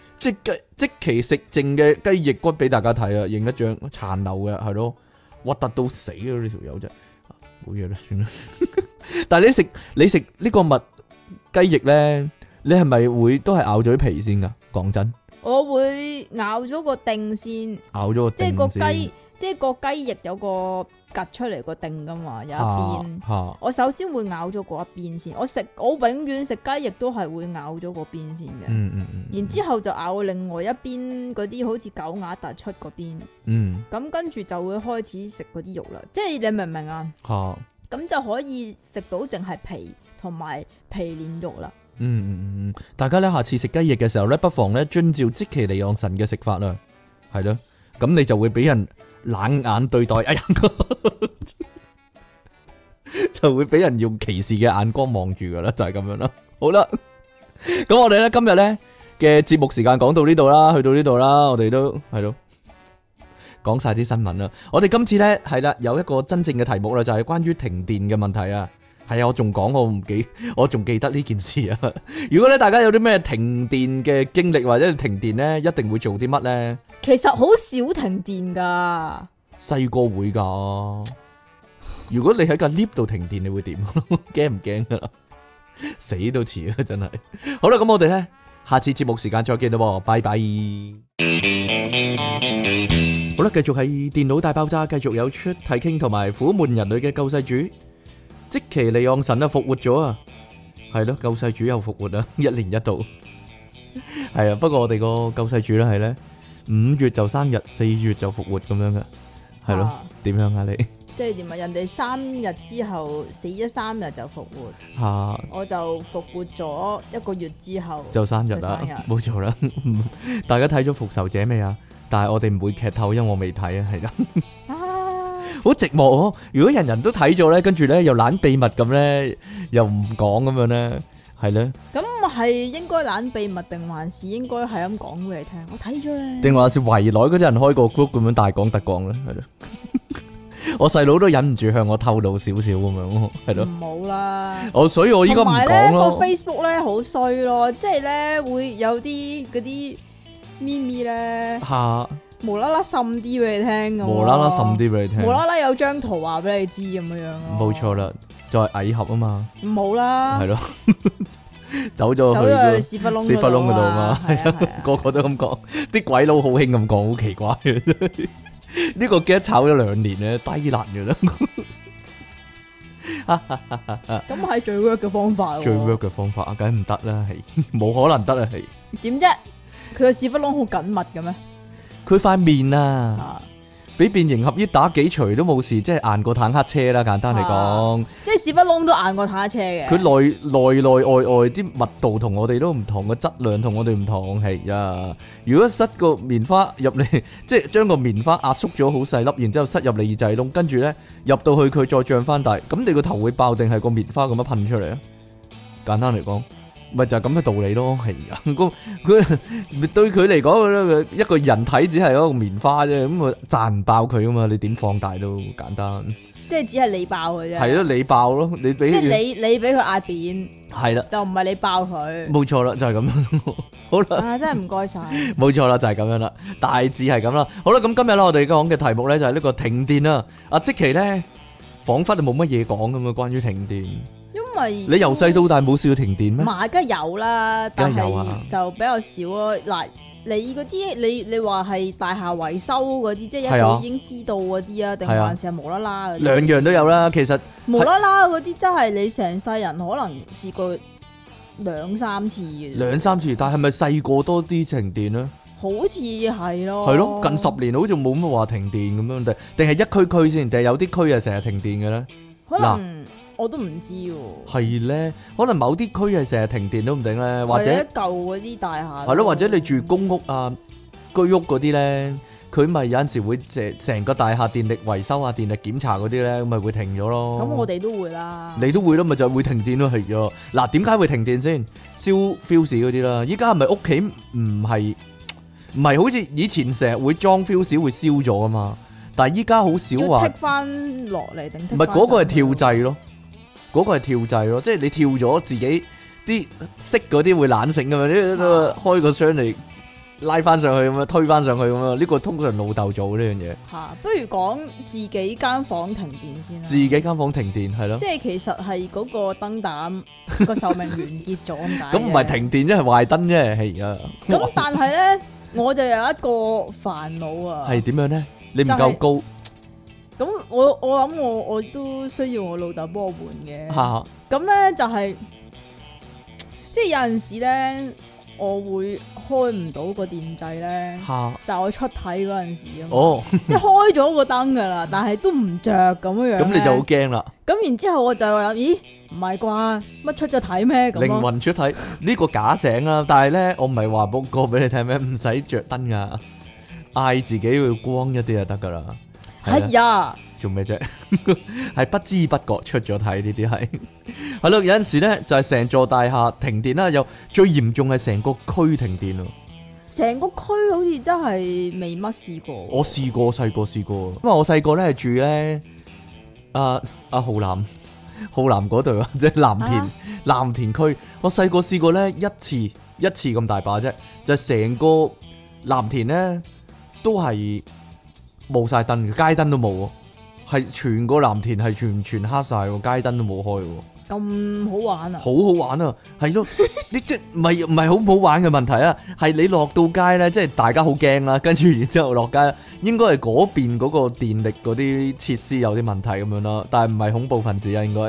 即雞即其食剩嘅雞翼骨俾大家睇啊，影一張殘留嘅，係咯，核突到死啊，呢條友真，冇嘢啦算啦。 但係你食你食呢個物雞翼咧，你係咪會都係咬咗啲皮先噶？講真，我會咬咗個定先，咬咗個即個雞即個雞翼有個。隔出嚟個定噶嘛，有一邊，啊啊、我首先會咬咗嗰一邊先，我食我永遠食雞翼都係會咬咗嗰邊先嘅，嗯，嗯嗯，然之後就咬另外一邊嗰啲好似狗牙突出嗰邊，嗯，咁跟住就會開始食嗰啲肉啦，即係你明唔明啊？吓，咁就可以食到淨係皮同埋皮連肉啦。嗯嗯嗯嗯，大家咧下次食雞翼嘅時候咧，不妨咧遵照積淇離岸神嘅食法啦，係咯，咁你就會俾人。冷眼對待，哎呀，就會俾人用歧視嘅眼光望住噶啦，就係咁樣啦。好啦，咁我哋咧今日咧嘅節目時間講到呢度啦，去到呢度啦，我哋都係咯，講晒啲新聞啦。我哋今次咧係啦，有一個真正嘅題目啦，就係關於停電嘅問題啊。係啊，我仲講我唔記，我仲記得呢件事啊。如果咧大家有啲咩停電嘅經歷或者係停電咧，一定會做啲乜咧？其實好少停電噶，細個會噶。如果你喺架 lift 度停電，你會點？驚唔驚噶？死都遲啦，真係。好啦，咁我哋咧，下次節目時間再見啦，拜拜。好啦，繼續係電腦大爆炸，繼續有出體 king 同埋苦悶人類嘅救世主，即積淇離岸神啊復活咗啊，係咯，救世主又復活啦，一年一度，係啊。不過我哋個救世主咧係咧。五月就生日，四月就復活咁樣嘅，係咯、啊？點樣啊你？你即係點啊？人哋三日之後死咗三日就復活，吓、啊、我就復活咗一個月之後就生日啦，冇錯啦。大家睇咗復仇者未啊？但係我哋唔會劇透，因為我未睇啊，係咁。好寂寞哦！如果人人都睇咗咧，跟住咧又懶秘密咁咧，又唔講咁樣咧，係咧。啊 係應該懶避，秘密，定還是應該係咁講俾你聽。我睇咗咧，定還是圍內嗰啲人開個 group 咁樣大講特講咧，係咯。 我細佬都忍唔住向我透露少少咁樣，係咯。唔好啦。我 所以我依家唔講咯。啦 Facebook 咧好衰咯，即係咧會有啲嗰啲咪咪咧，吓、啊、無啦啦滲啲俾你聽嘅，無啦啦滲啲俾你聽，無啦啦有張圖話俾你知咁樣樣。冇錯、啊、啦，就係、是、矮盒啊嘛。唔好啦。係咯吧。 走咗去屎忽窿嗰度嘛，個個都咁講，啲鬼佬好興咁講，好奇怪。呢 個 g e 炒咗兩年咧，低難嘅啦。咁 係最 work 嘅方法，最 work 嘅方法啊，梗唔得啦，係冇可能得啊，係。點啫？佢個屎忽窿好緊密嘅咩？佢塊面啊。俾變迎合於打幾錘都冇事，即係硬過坦克車啦。簡單嚟講，啊，即係屎不窿都硬過坦克車嘅。佢內內內外外啲密度同我哋都唔同，個質量我同我哋唔同係啊。如果塞個棉花入嚟，即係將個棉花壓縮咗好細粒，然之後塞入嚟就係窿，跟住呢，入到去佢再漲翻大，咁你個頭會爆定係個棉花咁樣噴出嚟啊？簡單嚟講。咪就係咁嘅道理咯，係啊，佢佢對佢嚟講，佢一個人體只係一個棉花啫，咁啊賺唔爆佢噶嘛，你點放大都簡單，即係只係你爆佢啫，係咯，你爆咯，你俾即係你你俾佢壓扁，係啦，就唔係你爆佢，冇錯啦，就係咁樣，好啦，啊真係唔該晒，冇錯啦，就係咁樣啦，大致係咁啦，好啦，咁今日咧，我哋講嘅題目咧就係呢個停電啦，阿積淇咧仿佛就冇乜嘢講咁啊，關於停電。你由細到大冇試過停電咩？咪，梗有啦，但係就比較少咯。嗱，你嗰啲你你話係大廈維修嗰啲，即係一早已經知道嗰啲啊，定還是係無啦啦嘅？兩樣都有啦，其實無啦啦嗰啲真係你成世人可能試過兩三次嘅。兩三次，但係咪細個多啲停電咧？好似係咯，係咯，近十年好似冇乜話停電咁樣，定定係一區區先，定係有啲區啊成日停電嘅咧？可能。嗱。我都唔知喎，啊，係咧，可能某啲區係成日停電都唔定咧，或者舊嗰啲大廈係咯，或者你住公屋啊、居屋嗰啲咧，佢咪有陣時會成成個大廈電力維修啊、電力檢查嗰啲咧，咪會停咗咯。咁我哋都會啦，你都會咯，咪就，就會停電咯係咗嗱。點解會停電先？燒 fuse 嗰啲啦，依家係咪屋企唔係唔係好似以前成日會裝 fuse 會燒咗啊嘛？但係依家好少話剔翻落嚟定唔係嗰個係跳制咯。嗰個係跳掣咯，即係你跳咗自己啲熄嗰啲會懶醒咁樣，開個箱嚟，拉翻上去咁樣，推翻上去咁樣！呢個通常老豆做呢樣嘢。吓，不如講自己間房停電先啦。自己間房停電係咯。即係其實係嗰個燈膽個壽命完結咗咁解。咁唔係停電啫，即係壞燈啫，係而家。咁但係咧，我就有一個煩惱啊。係點樣咧？你唔夠高。咁我我諗我我都需要我老豆幫我換嘅。吓，咁咧就係、是，即係有陣時咧，我會開唔到個電掣咧，啊、就我出體嗰陣時啊。哦， 即係開咗個燈噶啦，但係都唔着咁樣。咁你就好驚啦。咁然之後我就話咦，唔係啩，乜出咗體咩？靈魂出體呢、這個假醒啦。但係咧我唔係話講過俾你聽咩？唔使着燈噶，嗌自己會光一啲就得噶啦。係啊，做咩啫？係呀什 不知不覺出咗體呢啲係，係 咯。有陣時咧就係、是、成座大廈停電啦，又最嚴重係成個區停電咯。成個區好似真係未乜試過。我試過細個試過，因為我細個咧住咧，阿、呃、阿、啊、浩南浩南嗰度即係藍田、啊、藍田區。我細個試過咧一次一次咁大把啫，就成、是、個藍田咧都係。冇晒燈嘅，街燈都冇，係全個藍田係完全黑晒，街燈都冇開，咁好玩啊！好好玩啊，係咯，你即係唔係唔係好唔好玩嘅問題啊？係你落到街咧，即係大家好驚啦，跟住然之後落街，應該係嗰邊嗰個電力嗰啲設施有啲問題咁樣咯，但係唔係恐怖分子啊，應該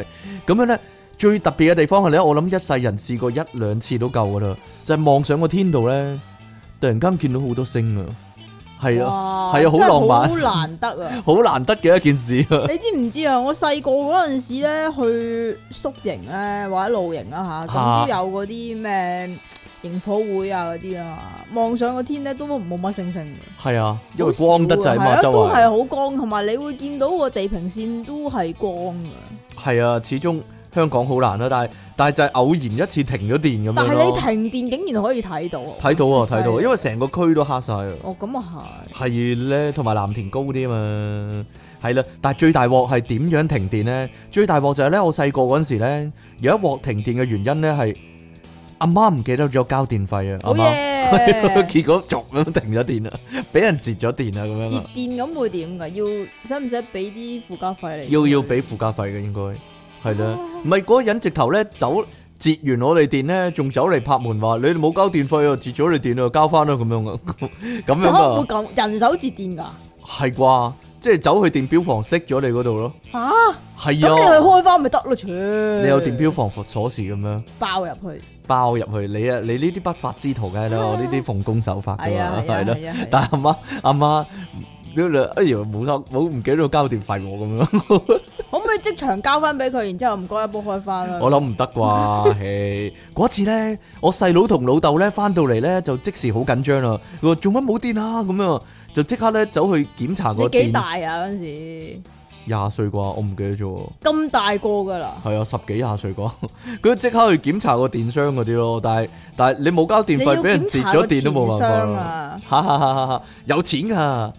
咁樣咧。最特別嘅地方係咧，我諗一世人試過一兩次都夠噶啦，就係望上個天度咧，突然間見到好多星啊！係啊，係哇啊，好浪漫，好 難得啊，好難得嘅一件事。你知唔知啊？我細個嗰陣時咧去宿營咧，或者露營啦吓，咁都、啊、有嗰啲咩營火會啊嗰啲，啊望上個天咧都冇乜星星。係啊，因為光得滯嘛，都係好光，同埋你會見到個地平線都係光啊。係啊，始終。香港好難啊，但係但係就係偶然一次停咗電咁樣。但係你停電竟然可以睇到睇到啊，睇到，因為成個區都黑晒哦，咁啊咪係咧，同埋藍田高啲啊嘛，係啦。但係最大鑊係點樣停電咧？最大鑊就係咧，我細個嗰陣時咧，有一鑊停電嘅原因咧係阿媽唔記得咗交電費啊，阿媽。Oh、yeah! 結果續咁停咗電啦，俾人截咗電啦，咁樣。截電咁會點噶？要使唔使俾啲附加費嚟？要要俾附加費嘅應該。係啦，唔係嗰個人直頭咧走截完我哋電咧，仲走嚟拍門話：你哋冇交電費啊，截咗你電啊，交翻啦咁樣噶，咁樣噶。會咁人手截電噶？係啩，即係走去電表房熄咗你嗰度咯。吓，係啊。咁你去開翻咪得咯？你有電表房鎖匙咁樣包入去，包入去。你啊，你呢啲不法之徒梗係啦，我呢啲奉公守法噶嘛，係咯。但係阿媽阿媽，你啊，哎呀，冇交，冇唔記得交電費我咁樣。即場交翻俾佢，然之後唔該一波開翻啦。 我諗唔得啩，嗰次咧，我細佬同老豆咧翻到嚟咧就即時好緊張啦。佢話做乜冇電啊？咁樣就即刻咧走去檢查個電。你幾大啊？嗰陣時廿歲啩，我唔記得咗。咁大個噶啦，係啊，十幾廿歲啩。佢 即刻去檢查個電箱嗰啲咯。但係但係你冇交電費，俾人截咗電都冇辦法啦。哈哈哈！ 有錢噶！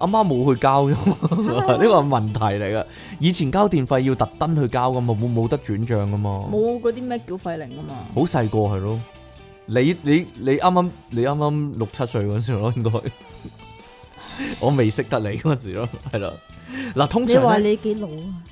阿媽冇去交啊嘛，呢個係問題嚟噶。以前交電費要特登去交噶嘛，冇冇得轉賬噶嘛。冇嗰啲咩繳費靈啊嘛。好細個係咯，你你你啱啱你啱啱六七歲嗰時咯，應該 我未識得你嗰時咯，係咯。嗱，通常你話你幾老啊？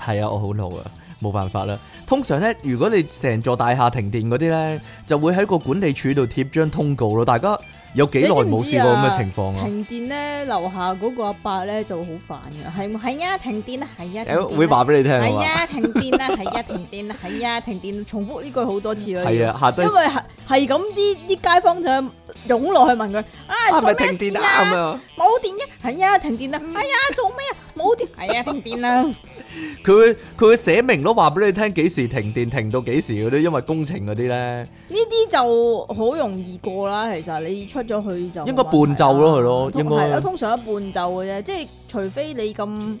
係啊，我好老啊，冇辦法啦。通常咧，如果你成座大廈停電嗰啲咧，就會喺個管理處度貼張通告咯，大家。有幾耐冇試過咁嘅情況啦？停電咧，樓下嗰個阿伯咧就好煩嘅，係係啊，停電啦，係啊，會話俾你聽，係啊，停電啦，係啊，停電啦，係 啊，停電，重複呢句好多次咯，啊、下因為係係咁，啲啲街坊就湧落去問佢啊，啊，做咩事啊？冇、啊、電嘅、啊，係啊，停電啦，係啊、 哎，做咩啊？冇電，係啊，停電啦。 佢會佢會寫明咯，話俾你聽幾時停電，停到幾時嗰啲，因為工程嗰啲咧，呢啲就好容易過啦。其實你出咗去就應該半晝咯，係咯，應該係咯，通常一半晝嘅啫，即係除非你咁。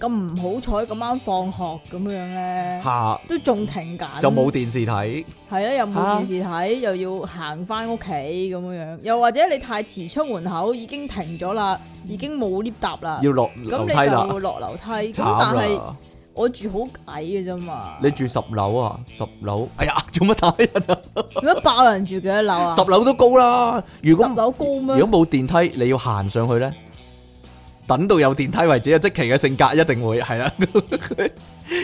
咁唔好彩，咁啱放學咁樣咧，都仲停緊，就冇電視睇。係啊，又冇電視睇，又要行翻屋企咁樣。又或者你太遲出門口，已經停咗啦，已經冇 lift 搭啦，要落樓梯啦。咁你就會落樓梯。咁但係我住好矮嘅啫嘛。你住十樓啊？十樓？哎呀，做乜打人啊？做乜爆人住幾多樓啊？十樓都高啦。如果十樓高咩？如果冇電梯，你要行上去咧？等到有電梯為止啊！積淇嘅性格一定會係啦，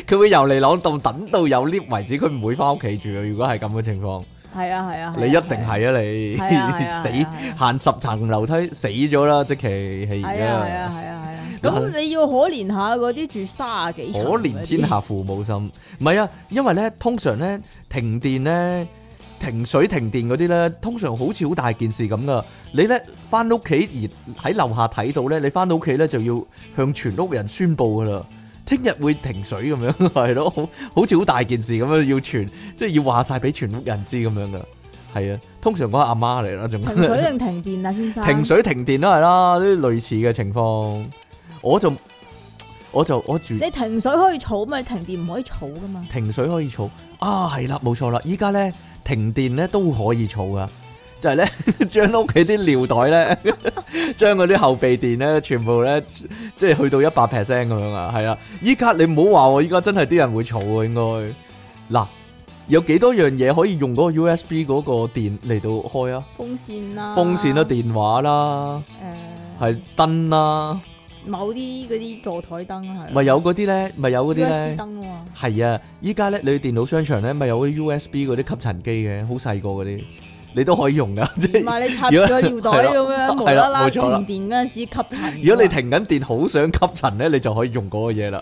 佢會由嚟樓到等到有 lift 為止，佢唔會翻屋企住嘅。如果係咁嘅情況，係啊係啊，你一定係啊，你死行十層樓梯死咗啦！積淇係而家，係啊係啊係啊！咁你要可憐下嗰啲住卅幾層，可憐天下父母心。唔係啊，因為咧通常咧停電咧。停水停電嗰啲咧，通常好似好大件事咁噶。你咧翻屋企而喺樓下睇到咧，你翻到屋企咧就要向全屋人宣布噶啦。聽日會停水咁樣，係咯，好似好大件事咁樣，要傳，即係要話晒俾全屋人知咁樣噶。係啊，通常講阿媽嚟啦。停水定停電啊，先生？停水停電都係啦，呢類似嘅情況。我就我就我住。你停水可以儲嘛？停電唔可以儲噶嘛？停水可以儲啊，係啦，冇錯啦。依家咧。停電咧都可以儲噶，就係咧將屋企啲尿袋咧，將嗰啲後備電咧，全部咧即係去到一百 percent 咁樣啊，係啊！依家你唔好話我依家真係啲人會儲啊，應該嗱有幾多樣嘢可以用嗰個 USB 嗰個電嚟到開啊？風扇啦、啊，風扇啦、啊，電話啦、啊，誒係燈啦。某啲嗰啲座台燈係咪有嗰啲咧？咪有嗰啲咧？燈啊嘛，係啊！依家咧你電腦商場咧咪有 USB 嗰啲吸塵機嘅，好細個嗰啲，你都可以用噶。唔係你插咗尿袋咁樣，無啦啦斷電嗰陣時吸塵。如果你停緊電，好想吸塵咧，你就可以用嗰個嘢啦。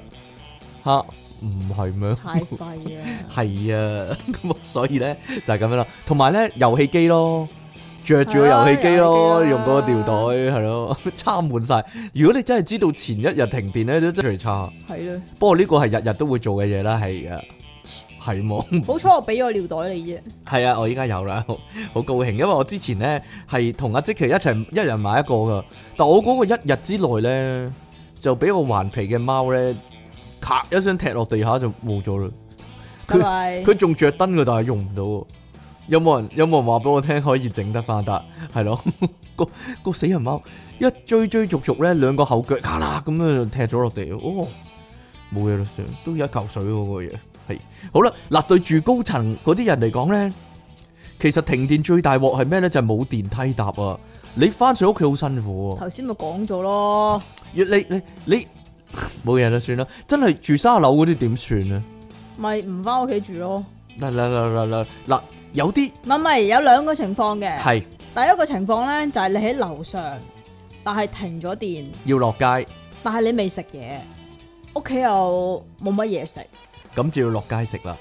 吓，唔係咩？太廢啦！係啊，咁所以咧就係咁樣啦。同埋咧遊戲機咯。着住個遊戲機咯，用嗰個尿袋係咯，差滿晒。如果你真係知道前一日停電咧，都真係差。係咯的。不過呢個係日日都會做嘅嘢啦，係啊，係冇。冇錯我俾個尿袋你啫。係啊，我依家有啦，好高興，因為我之前咧係同阿積淇一齊，一人買一個噶。但我嗰個一日之內咧，就俾個頑皮嘅貓咧，咔一聲踢落地下就冇咗啦。佢佢仲着燈噶，但係用唔到。有冇人有冇人話俾我聽可以整得翻得係咯？個、 嗰個死人貓一追追續續咧，兩個後腳卡啦咁就踢咗落地哦，冇嘢啦，算都有一嚿水喎、個嘢係好啦嗱。對住高層嗰啲人嚟講咧，其實停電最大鑊係咩咧？就係、是、冇電梯搭啊！你翻上屋企好辛苦、啊。頭先咪講咗咯，你你你冇嘢啦，算啦。真係住卅樓嗰啲點算啊？咪唔翻屋企住咯。嗱嗱嗱嗱嗱嗱。有啲唔係，唔係有兩個情況嘅。係第一個情況咧，就係你喺樓上，但係停咗電，要落街。但係你未食嘢，屋企又冇乜嘢食，咁就要落街食啦。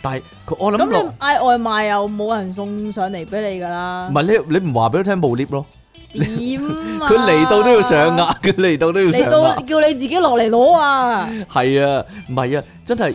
但係我諗落嗌外賣又冇人送上嚟俾你噶啦。唔係你你唔話俾佢聽冇 lift 咯？點啊？佢嚟到都要上壓，佢嚟到都要上壓，叫你自己落嚟攞啊！係啊，唔係啊，真係。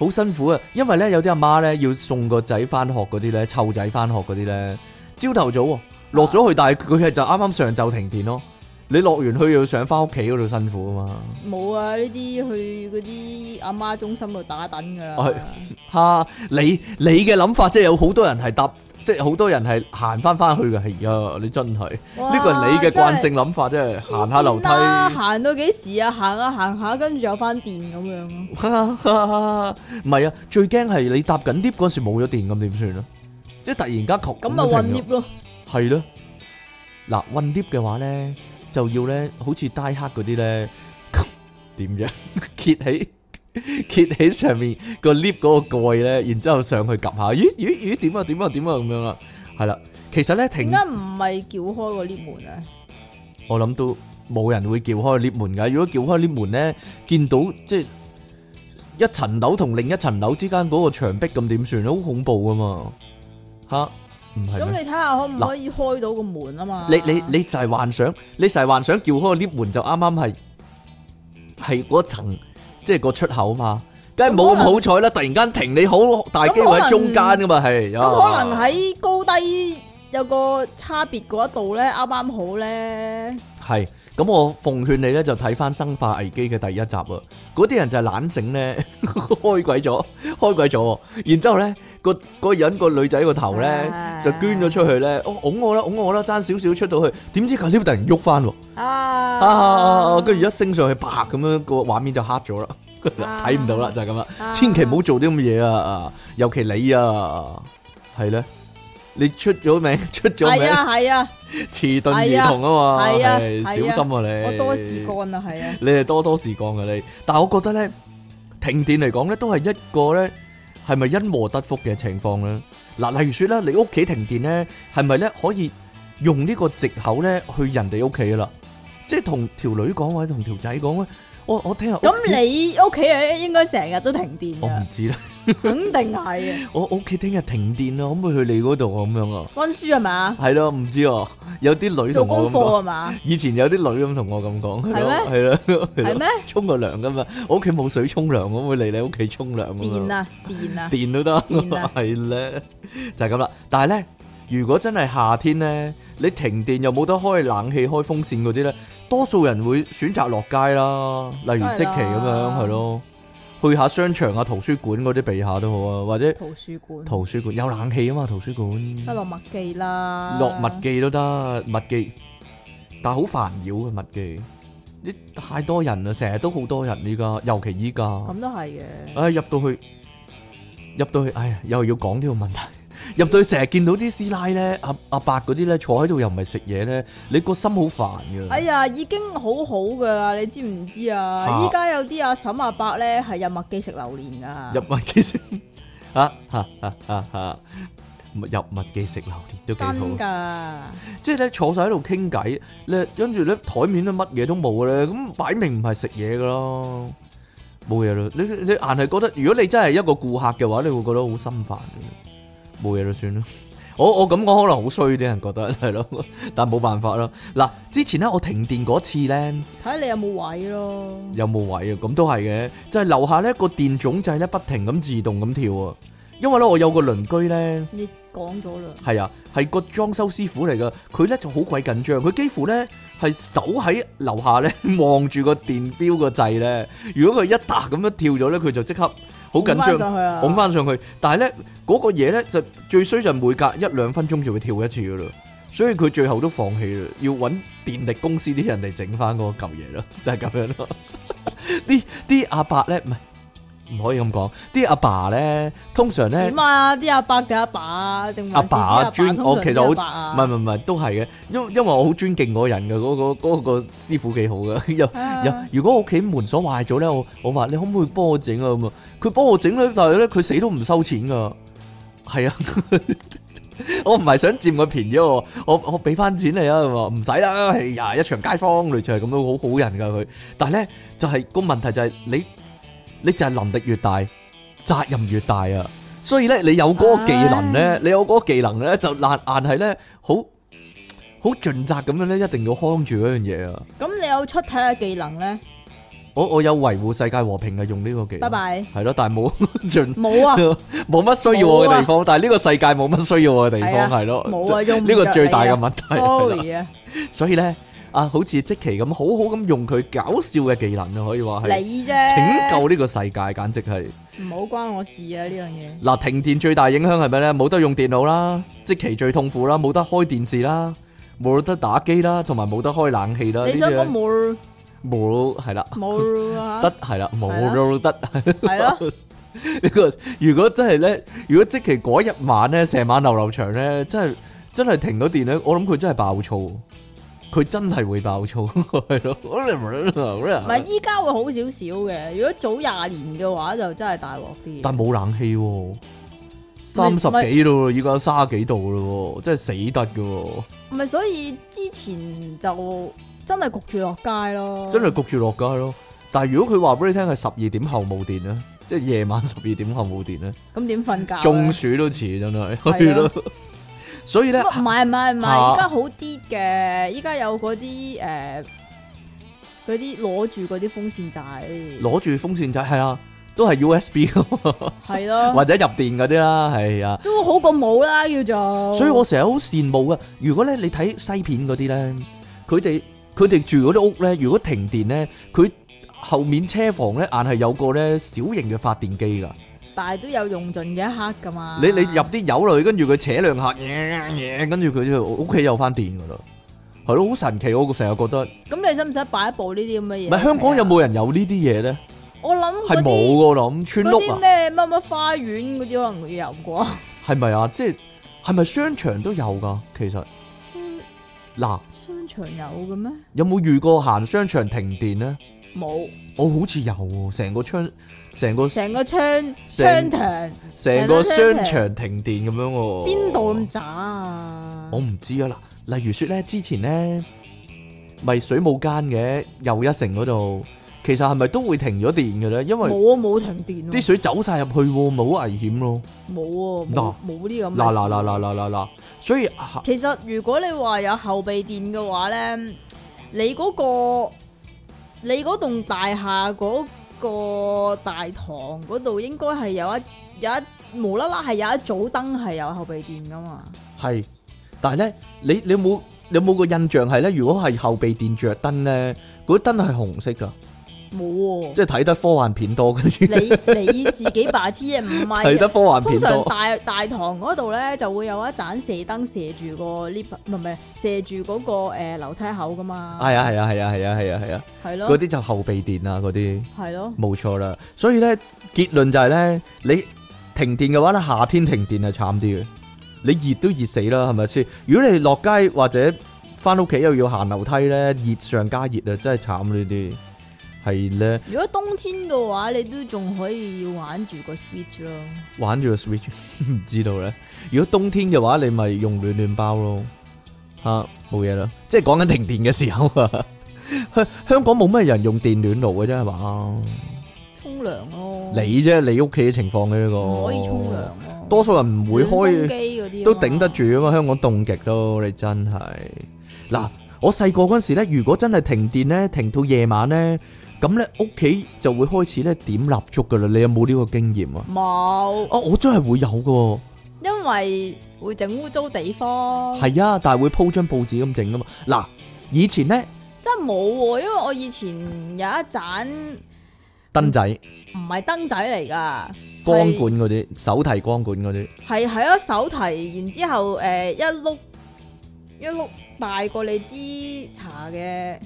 好辛苦啊，因為咧有啲阿媽咧要送個仔翻學嗰啲咧，湊仔翻學嗰啲咧，朝頭早落咗、啊啊、去，但係佢係就啱啱上晝停電咯。你落完去要上翻屋企嗰度辛苦啊嘛。冇啊，呢啲去嗰啲阿媽中心度打等㗎啦。係、哎，哈、啊，你你嘅諗法即係有好多人係搭。即係好多人係行翻翻去嘅，係啊！你真係呢個係你嘅慣性諗法啫。即係行下樓梯，行到幾時啊？行啊行下，跟住又翻電咁樣咯。唔係啊，最驚係你搭緊 lift 嗰陣時冇咗電咁點算啊？即係突然間焗咁咪困 lift 咯，係咯。嗱，困 lift 嘅話咧，就要咧好似 dark 嗰啲咧點樣？揭起。揭起上面個 lift 嗰個蓋咧，然之後上去 𥄫 下，咦咦咦，點啊點啊點啊咁樣啦，係啦，其實咧停，點解唔係撬開個 lift 門啊？我諗都冇人會撬開 lift 門噶，如果撬開 lift 門咧，見到即係一層樓同另一層樓之間嗰個牆壁咁點算咧？好恐怖噶嘛吓，唔係。咁你睇下可唔可以開到個門啊嘛？你你你就係幻想，你就係幻想撬開 lift 門就啱啱係係嗰層。即係個出口嘛，梗係冇咁好彩啦！突然間停，你好大機會喺中間噶嘛，係咁可能喺高低有個差別嗰一度咧，啱啱好咧，係。咁我奉勸你咧就睇翻《生化危機》嘅第一集啊！嗰啲人就係懶醒咧， 開鬼咗，開鬼咗。然之後咧，個、嗰個人，嗰個女仔個頭咧就捐咗出去咧，哦、我拱我啦，拱我啦，爭少少出到去。點知佢呢度突然喐翻喎，啊，跟住、啊、一升上去，啪咁樣個畫面就黑咗啦，睇 唔到啦，就係咁啦。千祈唔好做啲咁嘅嘢啊！尤其你啊，係咧。你出咗名，出咗名，遲鈍兒童啊嘛！小心啊你，我多事幹啊，係啊！你係多多事幹啊你，但係我覺得咧，停電嚟講咧，都係一個咧係咪因禍得福嘅情況咧。嗱，例如說咧，你屋企停電咧，係咪咧可以用呢個藉口咧去人哋屋企噶啦？即係同條女講或者同條仔講啊？我我聽日咁你屋企啊應該成日都停電嘅，我唔知啦，肯定係啊！我我屋企聽日停電啦，可唔可以去你嗰度啊？咁樣啊？溫書啊嘛？係咯，唔知哦。有啲女做功課啊嘛。以前有啲女咁同我咁講，係咩？係咯，係咩？沖個涼㗎嘛！我屋企冇水沖涼，可唔可以嚟你屋企沖涼啊？電啊，電啊，電都得。係咧，就係咁啦。但係咧。如果真係夏天呢，你停電又冇得開冷氣、開風扇嗰啲呢，多數人會選擇落街啦。例如積淇咁樣係咯，去下商場啊、圖書館嗰啲避下都好啊。或者圖書館、圖書館有冷氣啊嘛。圖書館。落麥記啦，落麥記都得麥記，但係好煩擾嘅麥記，啲太多人啦，成日都好多人依家，尤其依家。咁都係嘅。唉，入到去，入到去，唉，又要講呢個問題。入到去成日見到啲師奶咧，阿、啊、阿、啊、伯嗰啲咧坐喺度又唔係食嘢咧，你個心好煩㗎。哎呀，已經好好㗎啦，你知唔知啊？依家哈有啲阿嬸阿伯咧係入麥記食榴蓮㗎。入麥記食啊啊啊啊啊！ 入麥記食榴蓮都幾好。真㗎的。即係咧坐晒喺度傾偈咧，跟住咧枱面都乜嘢都冇咧，咁擺明唔係食嘢㗎咯，冇嘢啦。你你，你硬係覺得，如果你真係一個顧客嘅話，你會覺得好心煩嘅。冇嘢啦，就算啦。我我咁講可能好衰，啲人覺得係咯，但冇辦法啦。嗱，之前咧我停電嗰次咧，睇下你有冇位咯。有冇位啊？咁都係嘅，就係、是、樓下咧個電總掣咧不停咁自動咁跳啊。因為咧我有個鄰居咧，你講咗啦，係啊，係個裝修師傅嚟噶。佢咧就好鬼緊張，佢幾乎咧係守喺樓下咧望住個電表個掣咧。如果佢一嗒咁樣跳咗咧，佢就即刻。好緊張，拱翻上去，但係咧嗰個嘢咧就最衰就每隔一兩分鐘就會跳一次噶啦，所以佢最後都放棄啦，要搵電力公司啲人嚟整翻嗰嚿嘢咯，就係咁樣咯。啲啲阿伯咧唔係唔可以咁講，啲阿爸咧通常咧點啊？啲阿伯嘅阿爸啊？定阿爸尊？我其實好唔係唔係唔係都係嘅，因因為我好尊敬嗰個人嘅，嗰個嗰個師傅幾好噶。又又如果我屋企門鎖壞咗咧，我我話你可唔可以幫我整啊咁啊？佢幫我整咧，但係咧佢死都唔收錢噶，係啊，我唔係想佔佢便宜，我我俾翻錢你啊，佢話唔使啦，哎呀，一場街坊類似係咁樣好好人噶佢，但係咧就係個問題就係你，你就係能力越大，責任越大啊，所以咧你有嗰個技能咧，你有嗰個技能咧就難，但係咧好好盡責咁樣咧一定要看住嗰樣嘢啊，咁你有出體嘅技能咧？我我有維護世界和平嘅，用呢個技能，係咯，但係冇盡，冇啊，冇乜需要我嘅地方，但係呢個世界冇乜需要我嘅地方係咯，冇啊，呢個最大嘅問題。所以咧，啊，好似積淇咁好好咁用佢搞笑嘅技能啊，可以話係拯救呢個世界，簡直係唔好關我事啊呢樣嘢。嗱，停電最大影響係咩咧？冇得用電腦啦，積淇最痛苦啦，冇得開電視啦，冇得打機啦，同埋冇得開冷氣啦。你想講冇？冇係啦，得係啦，冇得係咯。呢個無如果真係咧，如果即期嗰一晚咧，成晚流流場咧，真係真係停咗電咧，我諗佢真係爆粗，佢真係會爆粗，係咯。唔係依家會好少少嘅，如果早廿年嘅話，就真係大鑊啲。但冇冷氣、啊，三十幾度，依家卅幾度咯，真係死得噶。唔係，所以之前就。真係焗住落街咯！真係焗住落街咯！但係如果佢話俾你聽係十二點後冇電咧，即係夜晚十二點後冇電咧，咁點瞓覺？中暑都遲真係，係咯的。的 所以咧，唔係唔係唔係，依家好啲嘅，依家的有嗰啲誒，嗰啲攞住嗰啲風扇仔，攞住風扇仔係啊，都係 U S B 咯的，係咯，或者入電嗰啲啦，係啊，都好過冇啦，叫做。所以我成日好羨慕噶，如果咧你睇西片嗰啲咧，佢哋佢哋住嗰啲屋咧，如果停電咧，佢後面車房咧硬係有個咧小型嘅發電機噶。但係都有用盡嘅一刻噶嘛。你你入啲油咧，跟住佢扯兩下嘢嘢，跟住佢就屋企有翻電噶啦。係咯，好神奇，我成日覺得。咁你使唔使擺一部呢啲咁嘅嘢？唔係香港有冇人有呢啲嘢咧？我諗係冇噶咯，咁村屋啊。咩乜乜花園嗰啲可能有啩？係咪啊？即係係咪商場都有噶？其實嗱。長有嘅咩？有冇遇過行商場停電咧？冇有，我、哦、好似有成、啊、個商成個成個商商場，成個，個商場停電咁樣喎。邊度咁渣啊？啊我唔知啊嗱，例如説咧，之前咧，咪水舞間嘅又一城嗰度。其實係咪都會停咗電嘅咧？因為冇啊，冇停電，啲水走晒入去，冇好危險咯。冇啊，嗱，冇啲咁嗱嗱嗱嗱嗱嗱嗱，所以其實如果你話有後備電嘅話咧，你嗰個你嗰棟大廈嗰個大堂嗰度應該係有一有一無啦啦係有一組燈係有後備電噶嘛？係，但係咧，你你有冇有冇個印象係咧？如果係後備電着燈咧，嗰燈係紅色噶。冇喎，啊、即係睇得科幻片多。你你自己白痴啊，唔係睇得科幻片多。通常大大堂嗰度咧，就會有一盞射燈射住個呢，唔係唔係射住、嗰個誒樓、呃、梯口噶嘛。係啊係啊係啊係啊係啊係啊，係、哎哎哎哎、咯。嗰啲就後備電啊，嗰啲係咯，冇錯啦。所以咧結論就係、是、咧，你停電嘅話咧，夏天停電啊慘啲嘅，你熱都熱死啦，係咪先？如果你落街或者翻屋企又要行樓梯咧，熱上加熱啊，真係慘呢啲。係咧，如果冬天嘅話，你都仲可以要玩住個 Switch 咯。玩住個 Switch 唔知道咧。如果冬天嘅話，你咪用暖暖包咯。吓，冇嘢啦，即係講緊停電嘅時候啊。香香港冇咩人用電暖爐嘅啫，係嘛？沖涼咯。你啫，你屋企嘅情況呢個？可以沖涼咯。多數人唔會開機嗰啲，都頂得住啊嘛。香港凍極咯，你真係。嗱，我細個嗰陣時咧，如果真係停電咧，停到夜晚咧。咁咧，屋企就會開始咧點蠟燭噶啦，你有冇呢個經驗啊？冇沒。哦，我真係會有噶，因為會整污糟地方。係啊，但係會鋪張報紙咁整噶嘛。嗱，以前咧，真係冇喎，因為我以前有一盞燈仔，唔係燈仔嚟噶，光管嗰啲，是手提光管嗰啲，係係啊手提，然之後誒、呃、一碌一碌大過你支茶嘅。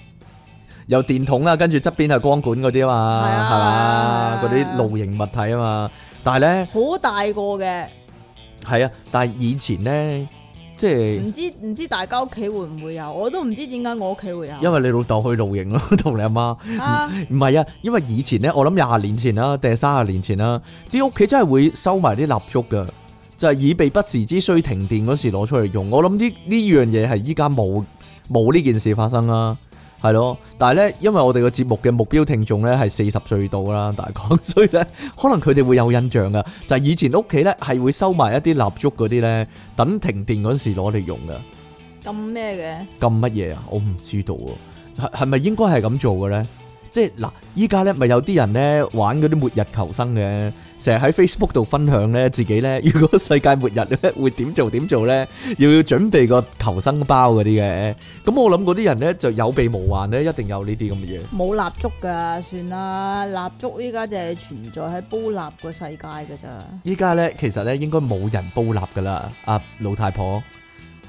有電筒啦，跟住側邊係光管嗰啲啊嘛，係咪嗰啲露營物體啊嘛，但係咧好大個嘅，係啊！但係以前咧，即係唔知唔知大家屋企會唔會有，我都唔知點解我屋企會有，因為你老豆去露營咯，同 你阿媽，唔係啊，啊，因為以前咧，我諗廿年前啦，啊，定係卅年前啦，啊，啲屋企真係會收埋啲蠟燭噶，就係、是、以備不時之需停電嗰時攞出嚟用。我諗呢呢樣嘢係依家冇冇呢件事發生啦。係咯，但係咧，因為我哋個節目嘅目標聽眾咧係四十歲到啦，大概，所以咧可能佢哋會有印象噶，就係、是、以前屋企咧係會收埋一啲蠟燭嗰啲咧，等停電嗰時攞嚟用噶。咁咩嘅？咁乜嘢啊？我唔知道喎、啊，係係咪應該係咁做嘅咧？即係嗱，依家咧咪有啲人咧玩嗰啲末日求生嘅。成日喺 Facebook 度分享咧，自己咧，如果世界末日咧，會點做點做咧？要準備個求生包嗰啲嘅。咁我諗嗰啲人咧，就有備無患咧，一定有呢啲咁嘅嘢。冇蠟燭㗎，算啦。蠟燭依家淨係存在喺煲蠟個世界㗎啫。依家咧，其實咧，應該冇人煲蠟㗎啦。阿老太婆、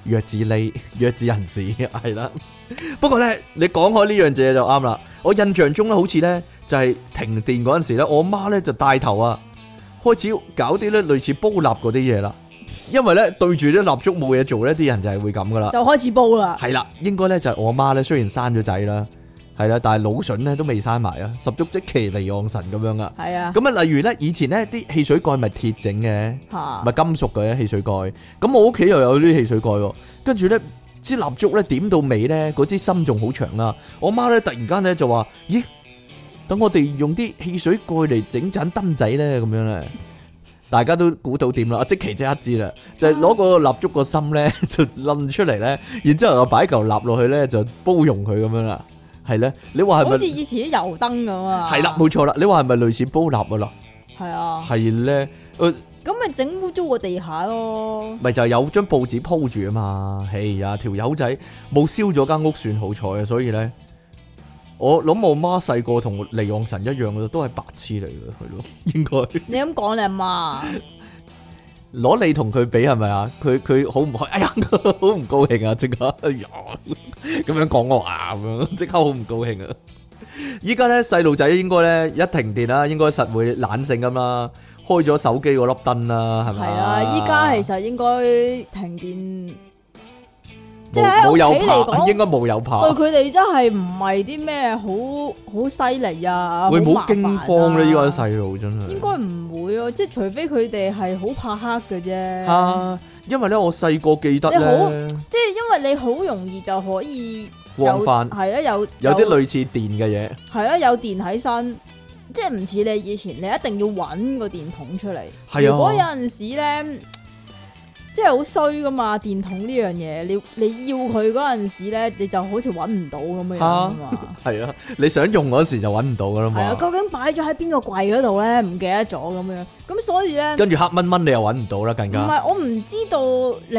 弱智呢、弱智人士係啦。不過咧，你講開呢樣嘢就啱啦。我印象中咧，好似咧就係停電嗰陣時咧，我媽咧就帶頭啊。開始搞啲咧類似煲蠟嗰啲嘢啦，因為咧對住啲蠟燭冇嘢做咧，啲人就係會咁噶啦。就開始煲啦。係啦，應該咧就我阿媽咧，雖然生咗仔啦，係啦，但係腦筍咧都未生埋啊，十足積淇離岸神咁樣噶。係啊。咁啊，例如咧，以前咧啲汽水蓋咪鐵整嘅，咪 金屬嘅汽水蓋。咁我屋企又有啲汽水蓋喎，跟住咧支蠟燭咧點到尾咧嗰支心仲好長啦。我阿媽咧突然間咧就話：，咦？等我哋用啲汽水蓋嚟整盞燈仔咧，咁樣咧，大家都估到點啦。積淇即一知啦，就攞、係、個蠟燭個心咧，就冧出嚟咧，然之後又擺嚿蠟落去咧，就煲融佢咁樣啦。係咧，你話係咪？好似以前啲油燈咁啊。係啦，冇錯啦。你話係咪類似煲蠟噶啦？係啊。係咧、啊，誒。咁咪整污糟個地下咯。咪就係有張報紙鋪住啊嘛。哎呀、啊，條友仔冇燒咗間屋算好彩啊，所以咧。我諗我媽細個同黎望臣一樣嘅，都係白痴嚟嘅。係咯，應該。你咁講你阿媽，攞你同佢比係咪啊？佢佢好唔開，哎呀，好唔高興啊！即刻，哎呀，咁樣講我呀咁，即刻好唔高興啊！依家咧細路仔應該咧一停電啦，應該實會懶性噶啦，開咗手機嗰粒燈啦，係咪？係啊，依家其實應該停電。冇有怕，無即係喺屋企嚟講，應該冇有怕。對佢哋真係唔係啲咩好好犀利啊！會唔會驚慌咧？依家啲細路真係應該唔會咯，啊。即係除非佢哋係好怕黑嘅啫。嚇、啊！因為咧，我細個記得咧。即係因為你好容易就可以有光翻泛，係啊，有有啲類似電嘅嘢，係啦，啊，有電喺身，即係唔似你以前，你一定要揾個電筒出嚟。係啊，如果有陣時咧。即係好衰噶嘛，電筒呢樣嘢，你你要佢嗰陣時咧，你就好似揾唔到咁樣啊嘛。蛤 係啊，你想用嗰時就揾唔到噶啦嘛。係啊，究竟擺咗喺邊個櫃嗰度咧？唔記得咗咁樣。咁所以咧，跟住黑蚊蚊，蚊，你又揾唔到啦，更加。唔係，我唔知道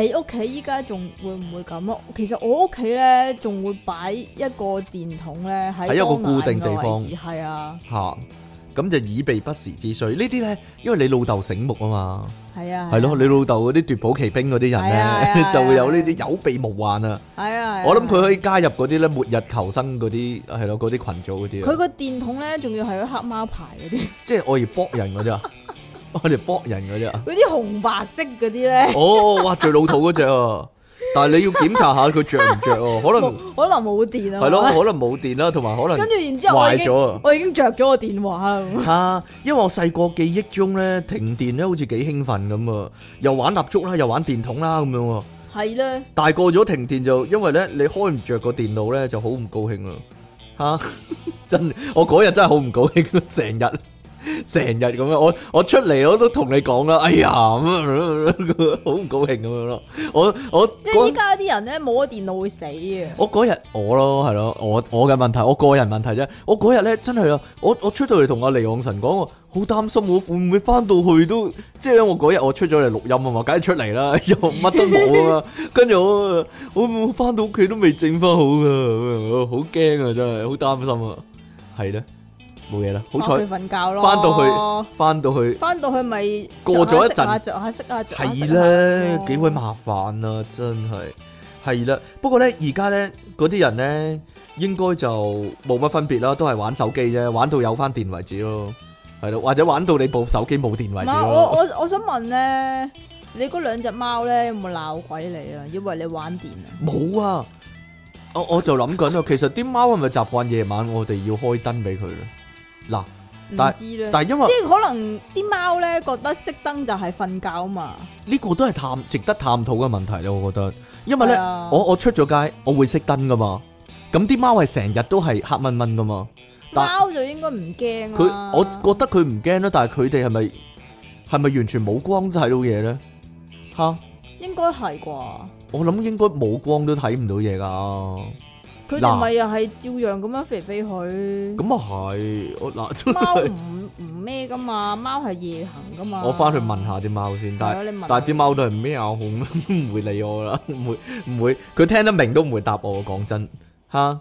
你屋企依家仲會唔會咁咯。其實我屋企咧仲會擺一個電筒咧喺，喺一個固定地方。係啊。嚇！咁就以備不時之需。呢啲咧，因為你老豆醒目啊嘛，係啊，係咯、啊，啊、你老豆嗰啲奪寶奇兵嗰啲人咧，啊啊、 就會有呢啲有備無患啊。係啊，啊啊我諗佢可以加入嗰啲咧末日求生嗰啲，係咯嗰啲群組嗰啲。佢個電筒咧，仲要係嗰黑貓牌嗰啲， 即係我係卜人嗰隻，我哋卜人嗰隻。嗰啲紅白色嗰啲咧，哦，哇，最老土嗰隻啊！但係你要檢查下佢着唔着哦，可能可能冇電啊，係咯，可能冇電啦，同埋可能壞咗啊，我已經着咗個電話啊，因為我細個記憶中咧停電咧好似幾興奮咁啊，又玩蠟燭啦，又玩電筒啦咁樣喎，係咧，大個咗停電就因為咧你開唔着個電腦咧就好唔高興啊。吓真，我嗰日真係好唔高興，成日。 成日咁樣，我我出嚟我都同你講啦，哎呀好唔 高興咁樣咯，咯。我我即係依家啲人咧，冇個電腦會死嘅。我嗰日我咯係咯，我我嘅問題，我個人問題啫。我嗰日咧真係啊，我我出到嚟同阿李旺臣講，我好擔心，我會唔會翻到去都，即係我嗰日我出咗嚟錄音啊嘛，梗係出嚟啦，又乜都冇啊嘛。 跟住我會唔會翻到屋企都未整翻好啊，好驚啊，真係好擔心啊，係咧。冇嘢啦，好彩瞓覺囉，翻到去，翻到去，翻到去咪過咗一陣，着下息下着下息下，係啦，幾鬼麻煩啊，真係係啦。不過咧，而家咧嗰啲人咧，應該就冇乜分別啦，都係玩手機啫，玩到有翻電為止咯，係咯，或者玩到你部手機冇電為止咯。我我我想問咧，你嗰兩隻貓咧有冇鬧鬼你啊？因為你玩電啊。冇啊，我我就諗緊啊。其實啲貓係咪習慣夜晚？我哋要開燈俾佢咧。嗱，但係但係因為即係可能啲貓咧覺得熄燈就係瞓覺嘛，呢個都係探值得探討嘅問題咯，我覺得。因為咧，我我出咗街我會熄燈噶嘛，咁啲貓係成日都係黑蚊蚊噶嘛，貓就應該唔驚啊。佢我覺得佢唔驚啦，但係佢哋係咪係咪完全冇光都睇到嘢咧？吓，應該係啩？我諗應該冇光都睇唔到嘢噶。佢哋咪又係照樣咁樣肥肥佢。咁啊係，我嗱貓唔唔咩噶嘛，貓係夜行噶嘛。我翻去問下啲貓先，但係 但係啲貓都係咩口，唔會理我啦，唔會唔會，佢聽得明都唔會答我。講真，吓、啊？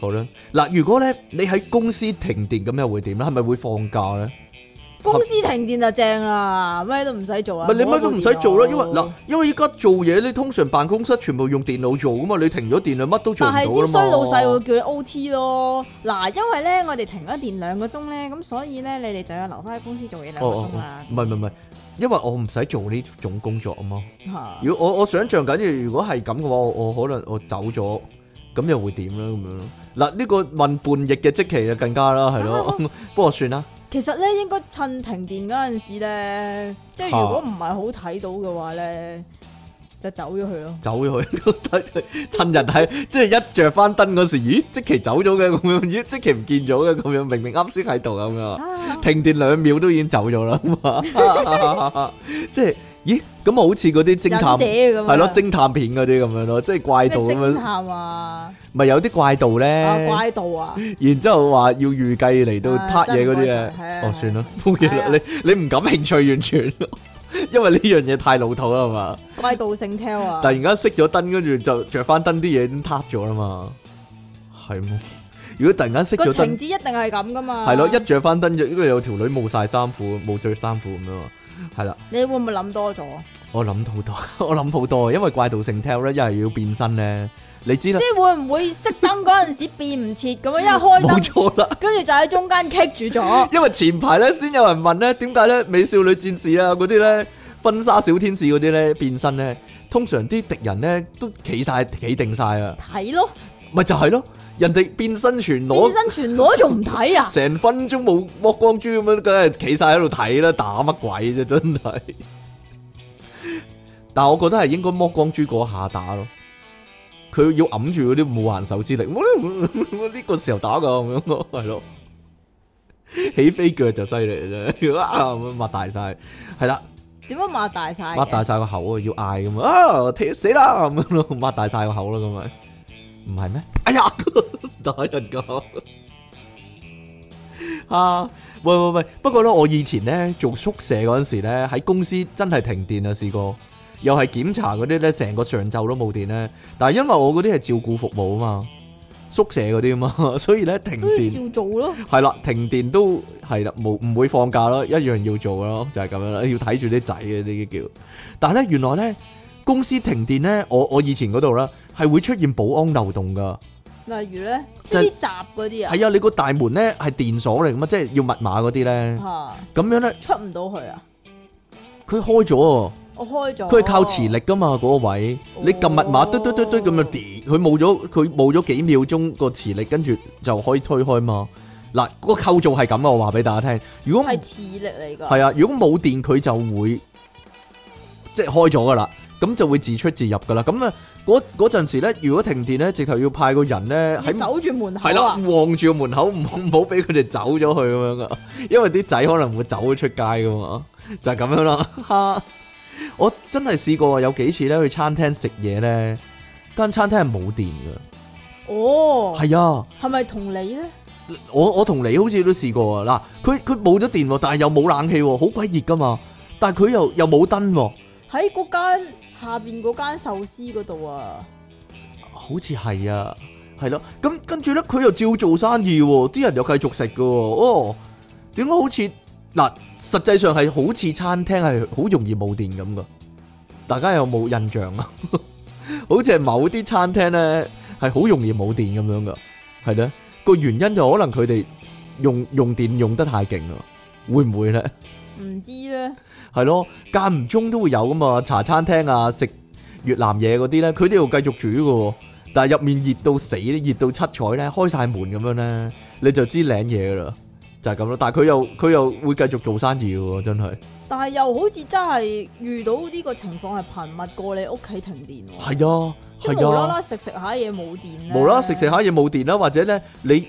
好啦。嗱、啊，如果咧你喺公司停電咁又會點咧？係咪會放假咧？公司停電就正啦，咩都唔使做啊！唔係，你咩都唔使做啦，因為嗱，因為依家做嘢你通常辦公室全部用電腦做噶嘛，你停咗電咧，乜都做唔到啦。但係啲衰老細會叫你 OT 咯。嗱，因為咧，我哋停咗電兩個鐘咧，咁所以咧，你哋就要留翻喺公司做嘢兩個鐘啦。唔係唔係，因為我唔使、哦哦、做呢種工作啊嘛。要我我想象緊嘅，如果係咁嘅話，我可能我走咗，咁又會點咧？咁樣嗱，呢個問半日嘅即期就啊，更加啦，係咯，不過算啦。其實咧，應該趁停電嗰陣時咧，即係如果唔係好睇到嘅話咧，啊、就走咗去咯。走咗去，趁人喺是， 即係一着翻燈嗰時，咦？即其走咗嘅咁樣，咦？即其唔見咗嘅咁樣，明明啱先喺度咁樣，啊、停電兩秒都已經走咗啦， 即係。咦，咁啊，好似嗰啲偵探係咯，偵探片嗰啲咁樣咯，即係怪盜咁樣。咩偵探啊？唔係有啲怪盜咧。怪盜啊！然之後話要預計嚟到撻嘢嗰啲嘅，哦，算啦，冇嘢啦，你你唔感興趣完全，因為呢樣嘢太老土啦，係嘛？怪盜性挑啊！突然間熄咗燈，跟住就着翻燈啲嘢已經撻咗啦嘛，係嗎？如果突然間熄咗，個情節一定係咁噶嘛？係咯，一着翻燈，應該有條女冇晒衫褲，冇着衫褲咁啊。係啦，你會唔會諗多咗？我諗到好多，我諗好多，因為怪盜聖 Tell 咧，一係要變身咧，你知啦，即係會唔會熄燈嗰陣時變唔切咁啊？ 為一係開燈，冇錯啦沒錯， 跟住就喺中間棘住咗。因為前排咧，先有人問咧，點解咧？美少女戰士啊，嗰啲咧，婚紗小天使嗰啲咧，變身咧，通常啲敵人咧都企晒、企定晒啊，睇咯，咪就係咯。人哋變身全裸，變身全裸仲唔睇啊？成 分鐘冇剝光豬咁樣，梗係企晒喺度睇啦，打乜鬼啫，啊？真係。 但係我覺得係應該剝光豬嗰下打咯，佢要揞住嗰啲冇還手之力。呢 個時候打噶，係咯。 起飛腳就犀利如果啊，咁樣哇！擘 了大晒，係啦。點樣擘大晒？擘大晒個口啊！要嗌咁啊！踢死啦咁樣咯，擘大晒個口啦咁咪。唔係咩？哎呀，打人噶啊，喂喂喂，不過咧，我以前咧做宿舍嗰陣時咧，喺公司真係停電啊，試過，又係檢查嗰啲咧，成個上晝都冇電咧。但係因為我嗰啲係照顧服務啊嘛，宿舍嗰啲啊嘛，所以咧停電照做咯。係啦，停電都係啦，冇唔會放假咯，一樣要做咯，就係咁樣啦，要睇住啲仔嗰啲叫。但係咧，原來咧。公司停電咧，我我以前嗰度啦，係會出現保安漏洞噶。例如咧，即係啲閘嗰啲啊。係啊，你個大門咧係電鎖嚟噶嘛，即係要密碼嗰啲咧。咁樣咧，出唔到去啊？佢開咗，我開咗。佢係靠磁力噶嘛？嗰個位，哦，你撳密碼，嘟嘟嘟嘟咁樣，佢冇咗，佢冇咗幾秒鐘個磁力，跟住就可以推開嘛。嗱，嗰個構造係咁啊！我話俾大家聽，如果係磁力嚟噶，係啊，如果冇電，佢就會即係開咗噶啦。咁就會自出自入噶啦。咁啊，嗰嗰陣時咧，如果停電咧，直頭要派個人咧喺度守住門口，係啦，望住個門口，唔好俾佢哋走咗去咁樣噶。因為啲仔可能會走咗出街噶嘛，就係、是、咁樣啦。 我真係試過有幾次咧去餐廳食嘢咧，間餐廳係冇電噶。哦，係啊，係咪同你咧？我我同你好似都試過啊！嗱，佢佢冇咗電，但係又冇冷氣，好鬼熱噶嘛。但係佢又又冇燈喎，喺嗰、hey, 間。下邊嗰間壽司嗰度啊，好似係啊，係咯、啊，咁跟住咧佢又照做生意、啊，啲人又繼續食噶、啊、哦。點解好似嗱、啊？實際上係好似餐廳係好容易冇電咁噶？大家有冇印象啊？ 好似係某啲餐廳咧係好容易冇電咁樣噶，係咧個原因就可能佢哋用用電用得太勁啦，會唔會咧？唔知咧。係咯，間唔中都會有噶嘛，茶餐廳啊，食越南嘢嗰啲咧，佢哋要繼續煮嘅。但係入面熱到死咧，熱到七彩咧，開晒門咁樣咧，你就知靚嘢㗎啦。就係咁咯，但係佢又佢又會繼續做生意嘅喎，真係。但係又好似真係遇到呢個情況係頻密過你屋企停電。係啊，係啊。無啦啦食食下嘢冇電。無啦食食下嘢冇電啦，或者咧你去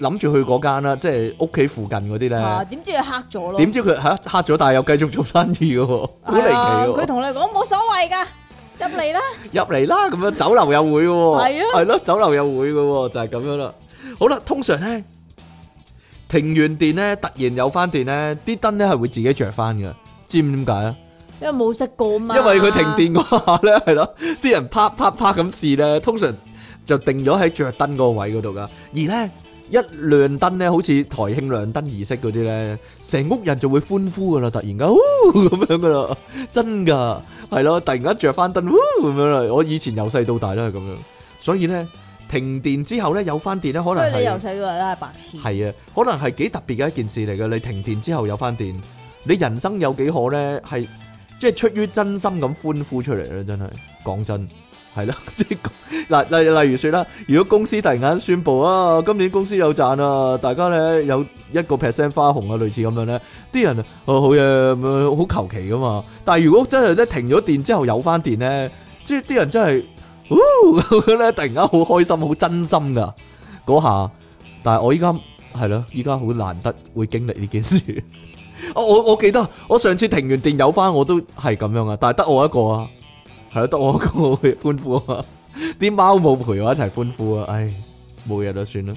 諗住去嗰間啦，即係屋企附近嗰啲咧。吓、啊，點知佢黑咗咯。點知佢吓黑咗，但係又繼續做生意嘅，好離奇。佢同你講冇所謂噶入嚟啦。入嚟啦，咁樣酒樓又會。係啊。係咯，酒樓又會嘅，就係咁樣啦。好啦，通常咧。停完電咧，突然有翻電咧，啲燈咧係會自己着翻嘅，知唔知點解啊？因為冇熄過嘛。因為佢停電嗰下咧，係咯，啲人啪啪啪咁試咧，通常就定咗喺着燈嗰位嗰度噶。而咧一亮燈咧，好似台慶亮燈儀式嗰啲咧，成屋人就會歡呼噶啦，突然間哦，咁樣噶啦，真噶係咯，突然間着翻燈哦，咁樣啦。我以前由細到大都係咁樣，所以咧。停電之後咧有翻電咧，可能係你啊，可能係幾特別嘅一件事嚟嘅。你停電之後有翻電，你人生有幾可咧？係，即係出於真心咁歡呼出嚟咧，真係講真係啦。即係嗱，例 例如說啦，如果公司突然間宣布啊，今年公司有賺啊，大家咧有一個 percent 花紅啊，類似咁樣咧，啲人啊好嘢，好求其噶嘛。但係如果真係咧停咗電之後有翻電咧，即係啲人真係。嗚咁咧，我覺得突然間好開心，好真心噶嗰下。但係我依家係咯，依家好難得會經歷呢件事。哦，我我記得我上次停完電有翻，我都係咁樣啊。但係得我一個啊，係咯，得我一個去 歡呼啊我。啲貓冇陪我一齊歡呼啊。唉，冇嘢啦，算啦。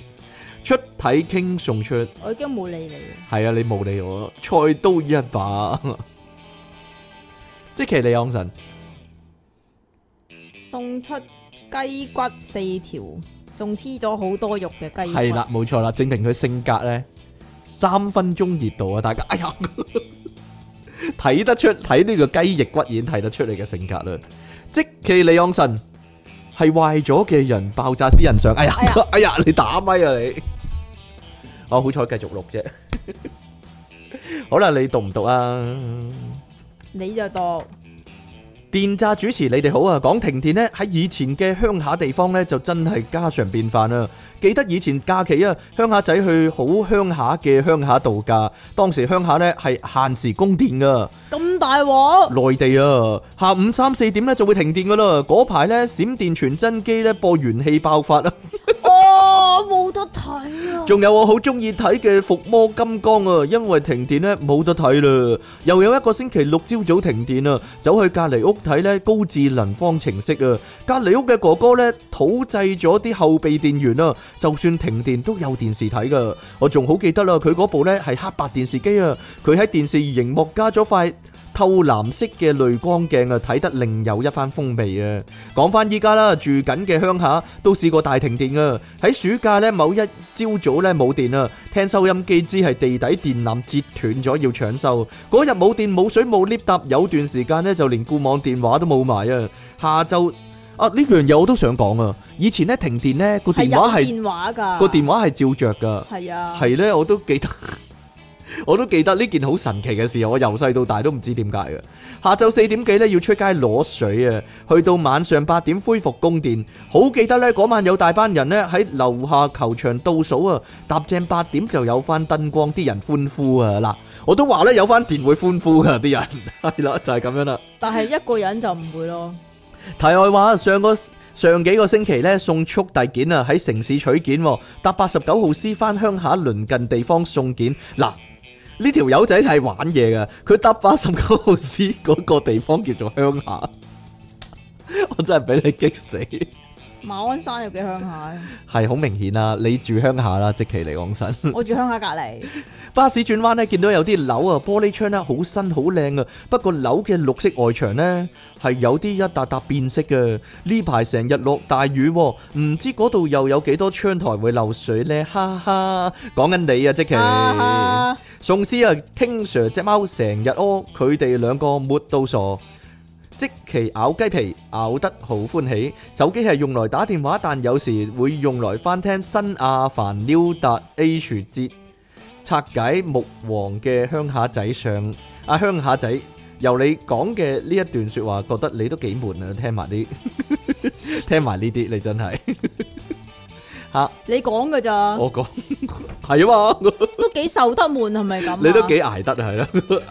出體 king 送出，我已經冇理你。係啊，你冇理我，菜刀一把， 積淇離岸神。送出雞骨四條，仲黐咗好多肉嘅雞骨。係啦，冇錯啦，證明佢性格咧，三分鐘熱度啊！大家，哎呀，睇 得出睇呢個雞翼骨，已經睇得出你嘅性格啦。 即係離岸神係壞咗嘅人，爆炸私人相。哎呀，哎呀呦、 哎，你打咪啊你！我、 哦、 好彩繼續錄啫。好啦，你讀唔讀啊？你就讀。電炸主持，你哋好啊！講停電呢，喺以前嘅鄉下地方呢，就真係家常便飯啦。記得以前假期啊，鄉下仔去好鄉下嘅鄉下度假，當時鄉下呢係限時供電噶。咁大鑊！內地啊，下午三四點呢就會停電㗎喇。嗰排呢閃電傳真機呢播元氣爆發啊。哇，冇得睇啊！仲有我好中意睇嘅《伏魔金剛》啊，因為停電呢冇得睇啦。又有一個星期六朝早停電啊，走去隔籬屋。睇咧高智能方程式啊！隔籬屋嘅哥哥咧，土製咗啲後備電源啊，就算停電都有電視睇噶。我仲好記得啦，佢嗰部咧係黑白電視機啊，佢喺電視熒幕加咗塊透藍色嘅濾光鏡啊，睇得另有一番風味啊！講翻依家啦，住緊嘅鄉下都試過大停電啊！喺暑假咧，某一朝早咧冇電啊，聽收音機知係地底電纜折斷咗要搶修。嗰日冇電冇水冇 lift 搭，有段時間咧就連固網電話都冇埋啊！下晝啊，呢樣嘢我都想講啊！以前咧停電咧個電話係電話㗎，個電話係照著㗎，係啊，係咧我都記得。我都記得呢件好神奇嘅事，我由細到大都唔知點解嘅。下晝四點幾呢要出街攞水啊，去到晚上八點恢復供電，好記得呢嗰晚有大班人呢喺樓下球場倒數啊，踏正八點就有返燈光，啲人歡呼啊嗱，我都話呢有返電會歡呼嘅啲人，係 啦就係咁樣啦。但係一個人就唔會咯。題外話，上個上幾個星期呢，送速遞件啊喺城市取件，搭八十九號師返鄉下鄰近地方送件嗱。呢條友仔係玩嘢㗎，佢搭八十九號線嗰個地方叫做鄉下， 我真係俾你激死。馬鞍山有幾鄉下，係好 明顯啊。你住鄉下啦，即 淇嚟講身。實我住鄉下隔籬。 巴士轉彎呢，見到有啲樓啊，玻璃窗咧好新好靚啊。不過樓嘅綠色外牆呢，係有啲一笪笪變色嘅。呢排成日落大雨，啊，唔知嗰度又有幾多窗台會漏水呢？哈哈，講緊你啊，積淇！ 宋獅啊，King Sir 隻貓成日屙，佢哋兩個抹到傻。即期咬雞皮，咬得好歡喜。手機係用來打電話，但有時會用來翻聽新阿凡溜達 H 節拆解木王嘅鄉下仔上。阿鄉下仔，由你講嘅呢一段說話，覺得你都幾悶啊！聽埋啲，聽埋呢啲，你真係吓。你講嘅咋？我講係啊嘛，都幾受得悶係咪咁？你都幾挨得係啦，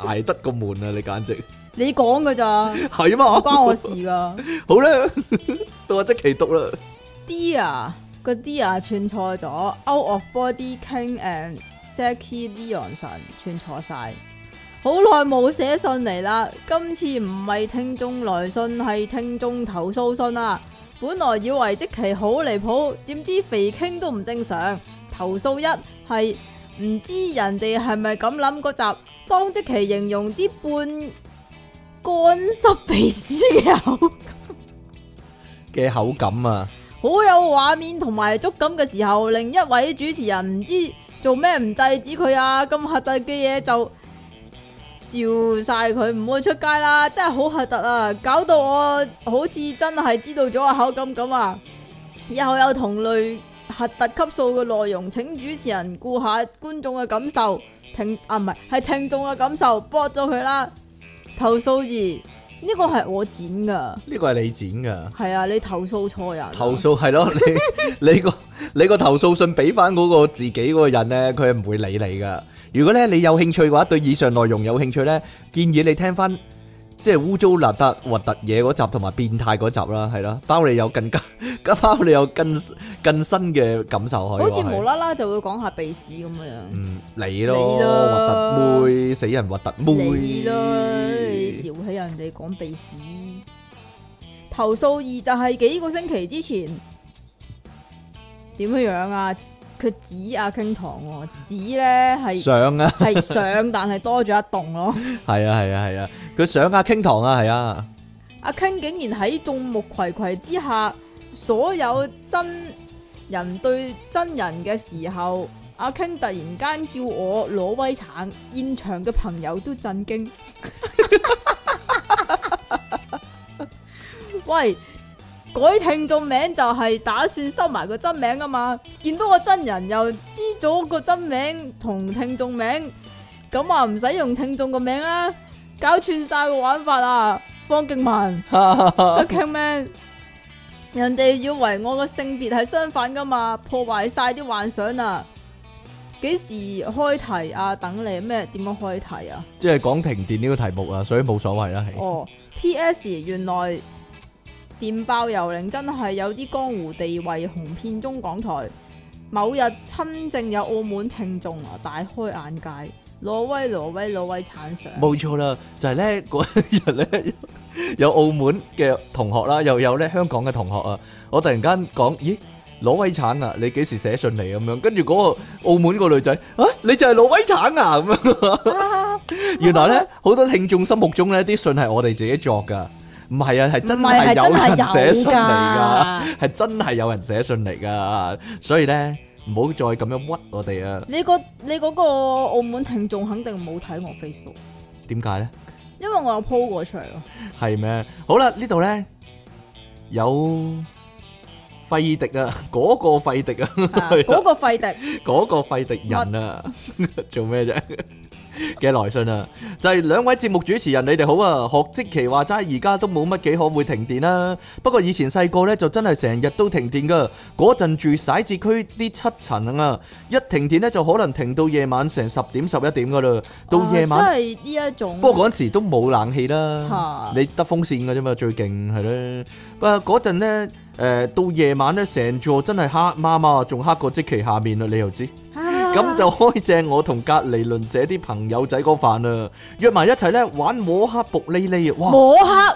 挨得個悶啊！你簡直。你講噶咋？係啊嘛，唔關我事噶。 好啦呢， 到我積淇讀啦。D 啊，個 D 啊串錯咗。Out of body King and Jackie Leon 神串錯晒。好耐冇寫信嚟啦。今次唔係聽眾來信，係聽眾投訴信啊。本來以為積淇好離譜，點知肥 King 都唔正常。投訴一係唔知人哋係咪咁諗嗰集，當積淇形容啲半。乾濕鼻屎嘅口感嘅 口感啊，好有畫面同埋觸感嘅時候，另一位主持人唔知做咩唔制止佢啊？咁核突嘅嘢，就照晒佢，唔好出街啦！真係好核突啊，搞到我好似真係知道咗個口感咁啊！以後，有同類核突級數嘅內容，請主持人顧下觀眾嘅感受，聽啊，唔係，係聽眾嘅感受，播咗佢啦！投訴二，呢個係我剪噶，呢個係你剪噶，係啊，你投訴錯人。投訴係咯，你你個你個投訴信俾翻嗰個自己嗰個人咧，佢係唔會理你噶。如果咧你有興趣嘅話，對以上內容有興趣咧，建議你聽翻。即係污糟邋遢核突嘢嗰集同埋變態嗰集啦，係咯，包你有更加，包你有更更新嘅感受可以。好似無啦啦就會講下鼻屎咁樣。嗯，你咯，核突妹，死人核突妹，你撩起人哋講鼻屎。投訴二就係幾個星期之前，點樣樣啊？佢指阿 King 堂喎，指咧係上啊， 係上，但係多咗一棟咯。係啊係啊係啊，佢、啊啊、上阿 King 堂啊，係啊。阿 King 竟然喺眾目睽睽之下，所有真人對真人嘅時候，阿 King 突然間叫我攞威橙，現場嘅朋友都震驚。 喂！改聽眾名就係打算收埋個真名噶嘛？見到個真人又知咗個真名同聽眾名，咁啊唔使用聽眾個名啊，搞串晒個玩法啊！方敬文，Account Man，人哋以為我個性別係相反噶嘛？破壞晒啲幻想啊！幾時開題啊？等你咩？點樣開題啊？即係講停電呢個題目啊，所以冇所謂啦、啊。 哦，P.S. 原來。電爆遊靈真係有啲江湖地位紅遍中港台。某日親正有澳門聽眾啊，大開眼界，挪威挪威挪威鏟相。冇錯啦，就係咧嗰日咧，有澳門嘅同學啦，又有咧香港嘅同學啊。我突然間講，咦，挪威鏟啊，你幾時寫信嚟咁樣？跟住嗰個澳門個女仔，啊，你就係挪威鏟啊？咁樣，原來咧，好多聽眾心目中咧，啲信係我哋自己作噶。唔係啊，係真係有人寫信嚟噶，係真係有人寫信嚟噶，所以咧唔好再咁樣屈我哋啊！你個你嗰個澳門聽眾肯定冇睇我 Facebook，點解咧？因為我有 po 過出嚟咯。係咩？好啦，呢度咧有費迪啊，嗰個費迪啊，嗰個費迪，嗰個費迪人啊，做咩啫？嘅 來信啊，就係、是、兩位節目主持人，你哋好啊。學積淇話齋，而家都冇乜幾可會停電啦、啊。不過以前細個呢，就真係成日都停電噶。嗰陣住徙置區啲七層啊，一停電呢，就可能停到夜晚成十點十一點噶啦。到夜晚、啊，真係呢一種。不過嗰陣時都冇冷氣啦，啊、你得風扇噶啫嘛，最勁係啦。不過嗰陣呢，誒、呃、到夜晚呢，成座真係黑媽媽，仲黑過積淇下面啊，你又知。咁就開正我同隔籬鄰舍啲朋友仔嗰飯啦，約埋一齊咧，玩摸黑薄利利啊！哇，摸黑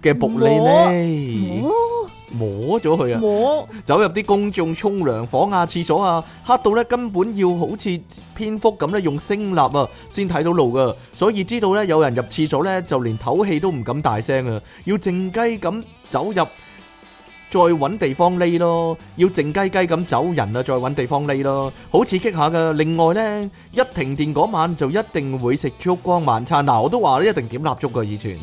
嘅薄利利，摸摸咗佢啊！摸走入啲公眾沖涼房啊，廁所啊，黑到咧，根本要好似蝙蝠咁咧，用聲納啊先睇到路噶，所以知道咧，有人入廁所咧，就連唞氣都唔敢大聲啊，要靜雞咁走入。再搵地方匿咯，要靜雞雞咁走人啦，再搵地方匿咯，好刺激下噶。另外咧，一停電嗰晚就一定會食燭光晚餐。嗱，我都話咧一定點蠟燭噶以前，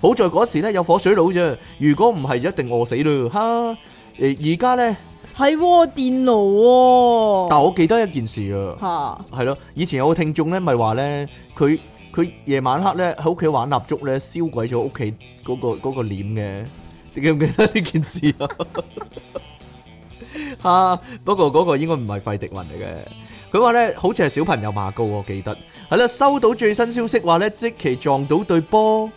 好在嗰時咧有火水佬啫。如果唔係，一定餓死咯。哈，而而家咧係電腦。但係我記得一件事啊，係咯，以前有個聽眾咧咪話咧，佢佢夜晚黑咧喺屋企玩蠟燭咧燒鬼咗屋企嗰個嗰個簾嘅。你記唔記得呢件事啊？啊， 不過嗰個應該唔係費迪雲嚟嘅，佢話咧好似係小朋友馬高，我記得係啦，收到最新消息話咧即期撞到對波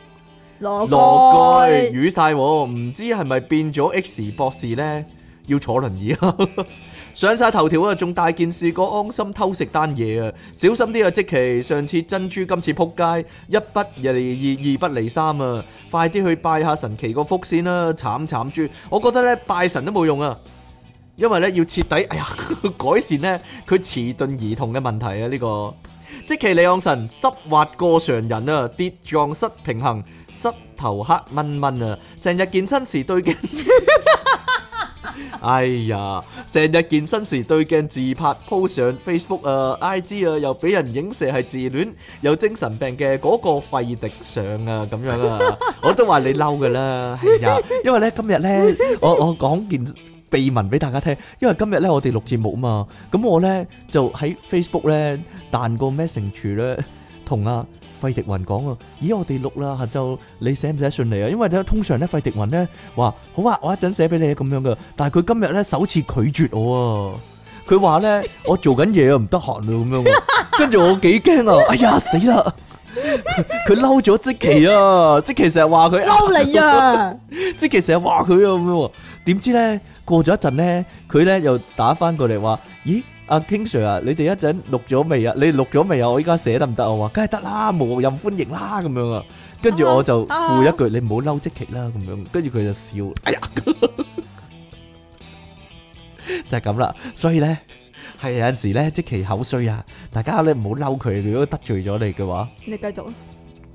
羅羅蓋瘀晒，唔知係咪變咗 X 博士咧？要坐輪椅啊！ 上晒頭條啊！仲大件事過安心偷食單嘢啊！小心啲啊！積淇上次珍珠今次撲街，一不離二，二不離三啊！快啲去拜下神奇個福先啦！慘慘豬，我覺得咧拜神都冇用啊，因為咧要徹底哎呀改善呢佢遲鈍兒童嘅問題啊！呢個積淇離岸神濕滑過常人啊，跌撞失平衡，膝頭黑蚊蚊啊，成日健身時對鏡。 哎呀，成日健身時對鏡自拍，po 上 Facebook 啊、IG 啊，又俾人影射係自戀，有精神病嘅嗰個費迪上啊，咁樣啊，我都話你嬲㗎喇，係呀，因為呢今日呢，我我講件秘聞俾大家聽，因為今日呢我哋錄節目啊嘛，咁我呢就喺 Facebook 呢彈個 message 呢同阿。費迪雲講啊，咦，我哋錄啦，下晝你寫唔寫信嚟啊？因為咧通常咧費迪雲咧話好啊，我一陣寫俾你咁樣噶，但係佢今日咧首次拒絕我啊，佢話咧我做緊嘢啊，唔得閒啊咁樣，跟住我幾驚啊，哎呀死啦！佢嬲咗積淇啊，積淇成日話佢嬲你啊，積淇成日話佢啊咁樣，點知咧過咗一陣咧，佢咧又打翻過嚟話，咦？阿 King Sir 啊，你哋一陣錄咗未啊？你錄咗未啊？我依家寫得唔得啊？我話梗係得啦，無任歡迎啦咁樣啊。跟住我就附一句，你唔好嬲積淇啦咁樣。跟住佢就笑，哎呀，就係咁啦。所以咧，係有陣時咧，積淇口衰啊，大家咧唔好嬲佢。如果得罪咗你嘅話，你繼續。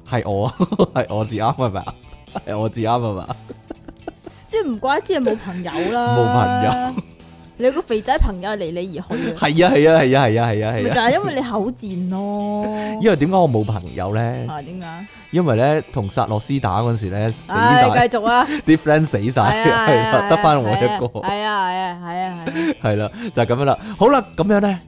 係我，係我字啱係咪啊？係我字啱係咪啊？即係唔怪之係冇朋友啦。冇朋友。你個肥仔朋友係離你而去？係啊係啊係啊係啊係啊！咪就係因為你口賤咯。因為點解我冇朋友咧？啊，點解？因為咧同殺洛斯打嗰時咧死晒，繼續啊！啲 friend 死晒，係啊係啊，得翻我一個。係啊係啊係啊係。係啦，就係咁樣啦。好啦，咁樣咧，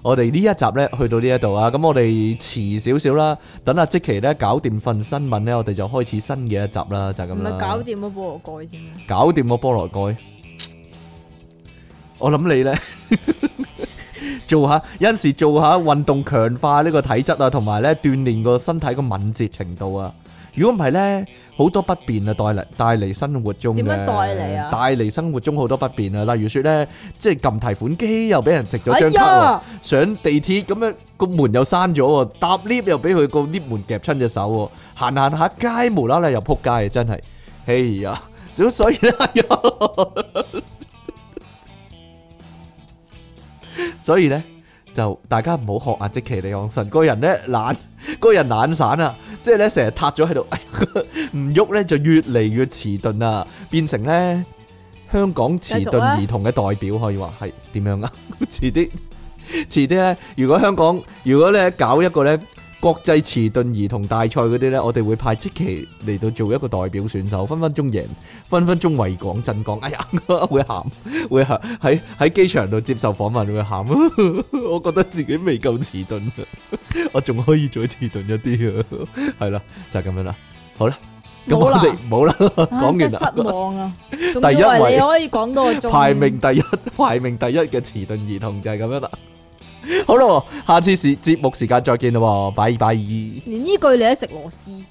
我哋呢一集咧去到呢一度啊。咁我哋遲少少啦，等阿積淇咧搞掂份新聞咧，我哋就開始新嘅一集啦。就咁啦。唔係搞掂個菠蘿蓋先。搞掂個菠蘿蓋。我諗你咧，做下，有時做下運動，強化呢個體質啊，同埋咧鍛煉個身體個敏捷程度啊。如果唔係咧，好多不便啊，帶嚟帶嚟生活中嘅，點樣帶嚟啊？帶嚟生活中好多不便啊，例如說咧，即係撳提款機又俾人食咗張卡，上地鐵咁樣個門又閂咗，搭 lift 又俾佢個 lift 門夾親隻手，行行下街無啦啦又扑街啊，真係，哎呀，所以咧。 所以咧就大家唔好學阿、啊、積淇離岸神，個人咧懶，個人懶散啊，即係咧成日塌咗喺度，唔喐咧就越嚟越遲鈍啊，變成咧香港遲鈍兒童嘅代表可以話係點樣啊？遲 啲，遲啲咧，如果香港如果咧搞一個咧。國際遲鈍兒童大賽嗰啲咧，我哋會派積淇嚟到做一個代表選手，分分鐘贏，分分鐘為港爭光，哎呀，會喊，會喊，喺喺機場度接受訪問會喊，我覺得自己未夠遲鈍，我仲可以再遲鈍一啲，就是，啊，係啦，就咁樣啦，好啦，冇啦，好啦，講完啦，失望啊，第一你可以講到，排名第一，排名第一嘅遲鈍兒童就係咁樣啦。好咯，下次是節目時間再見啦，拜二拜二。連呢句你都食螺絲。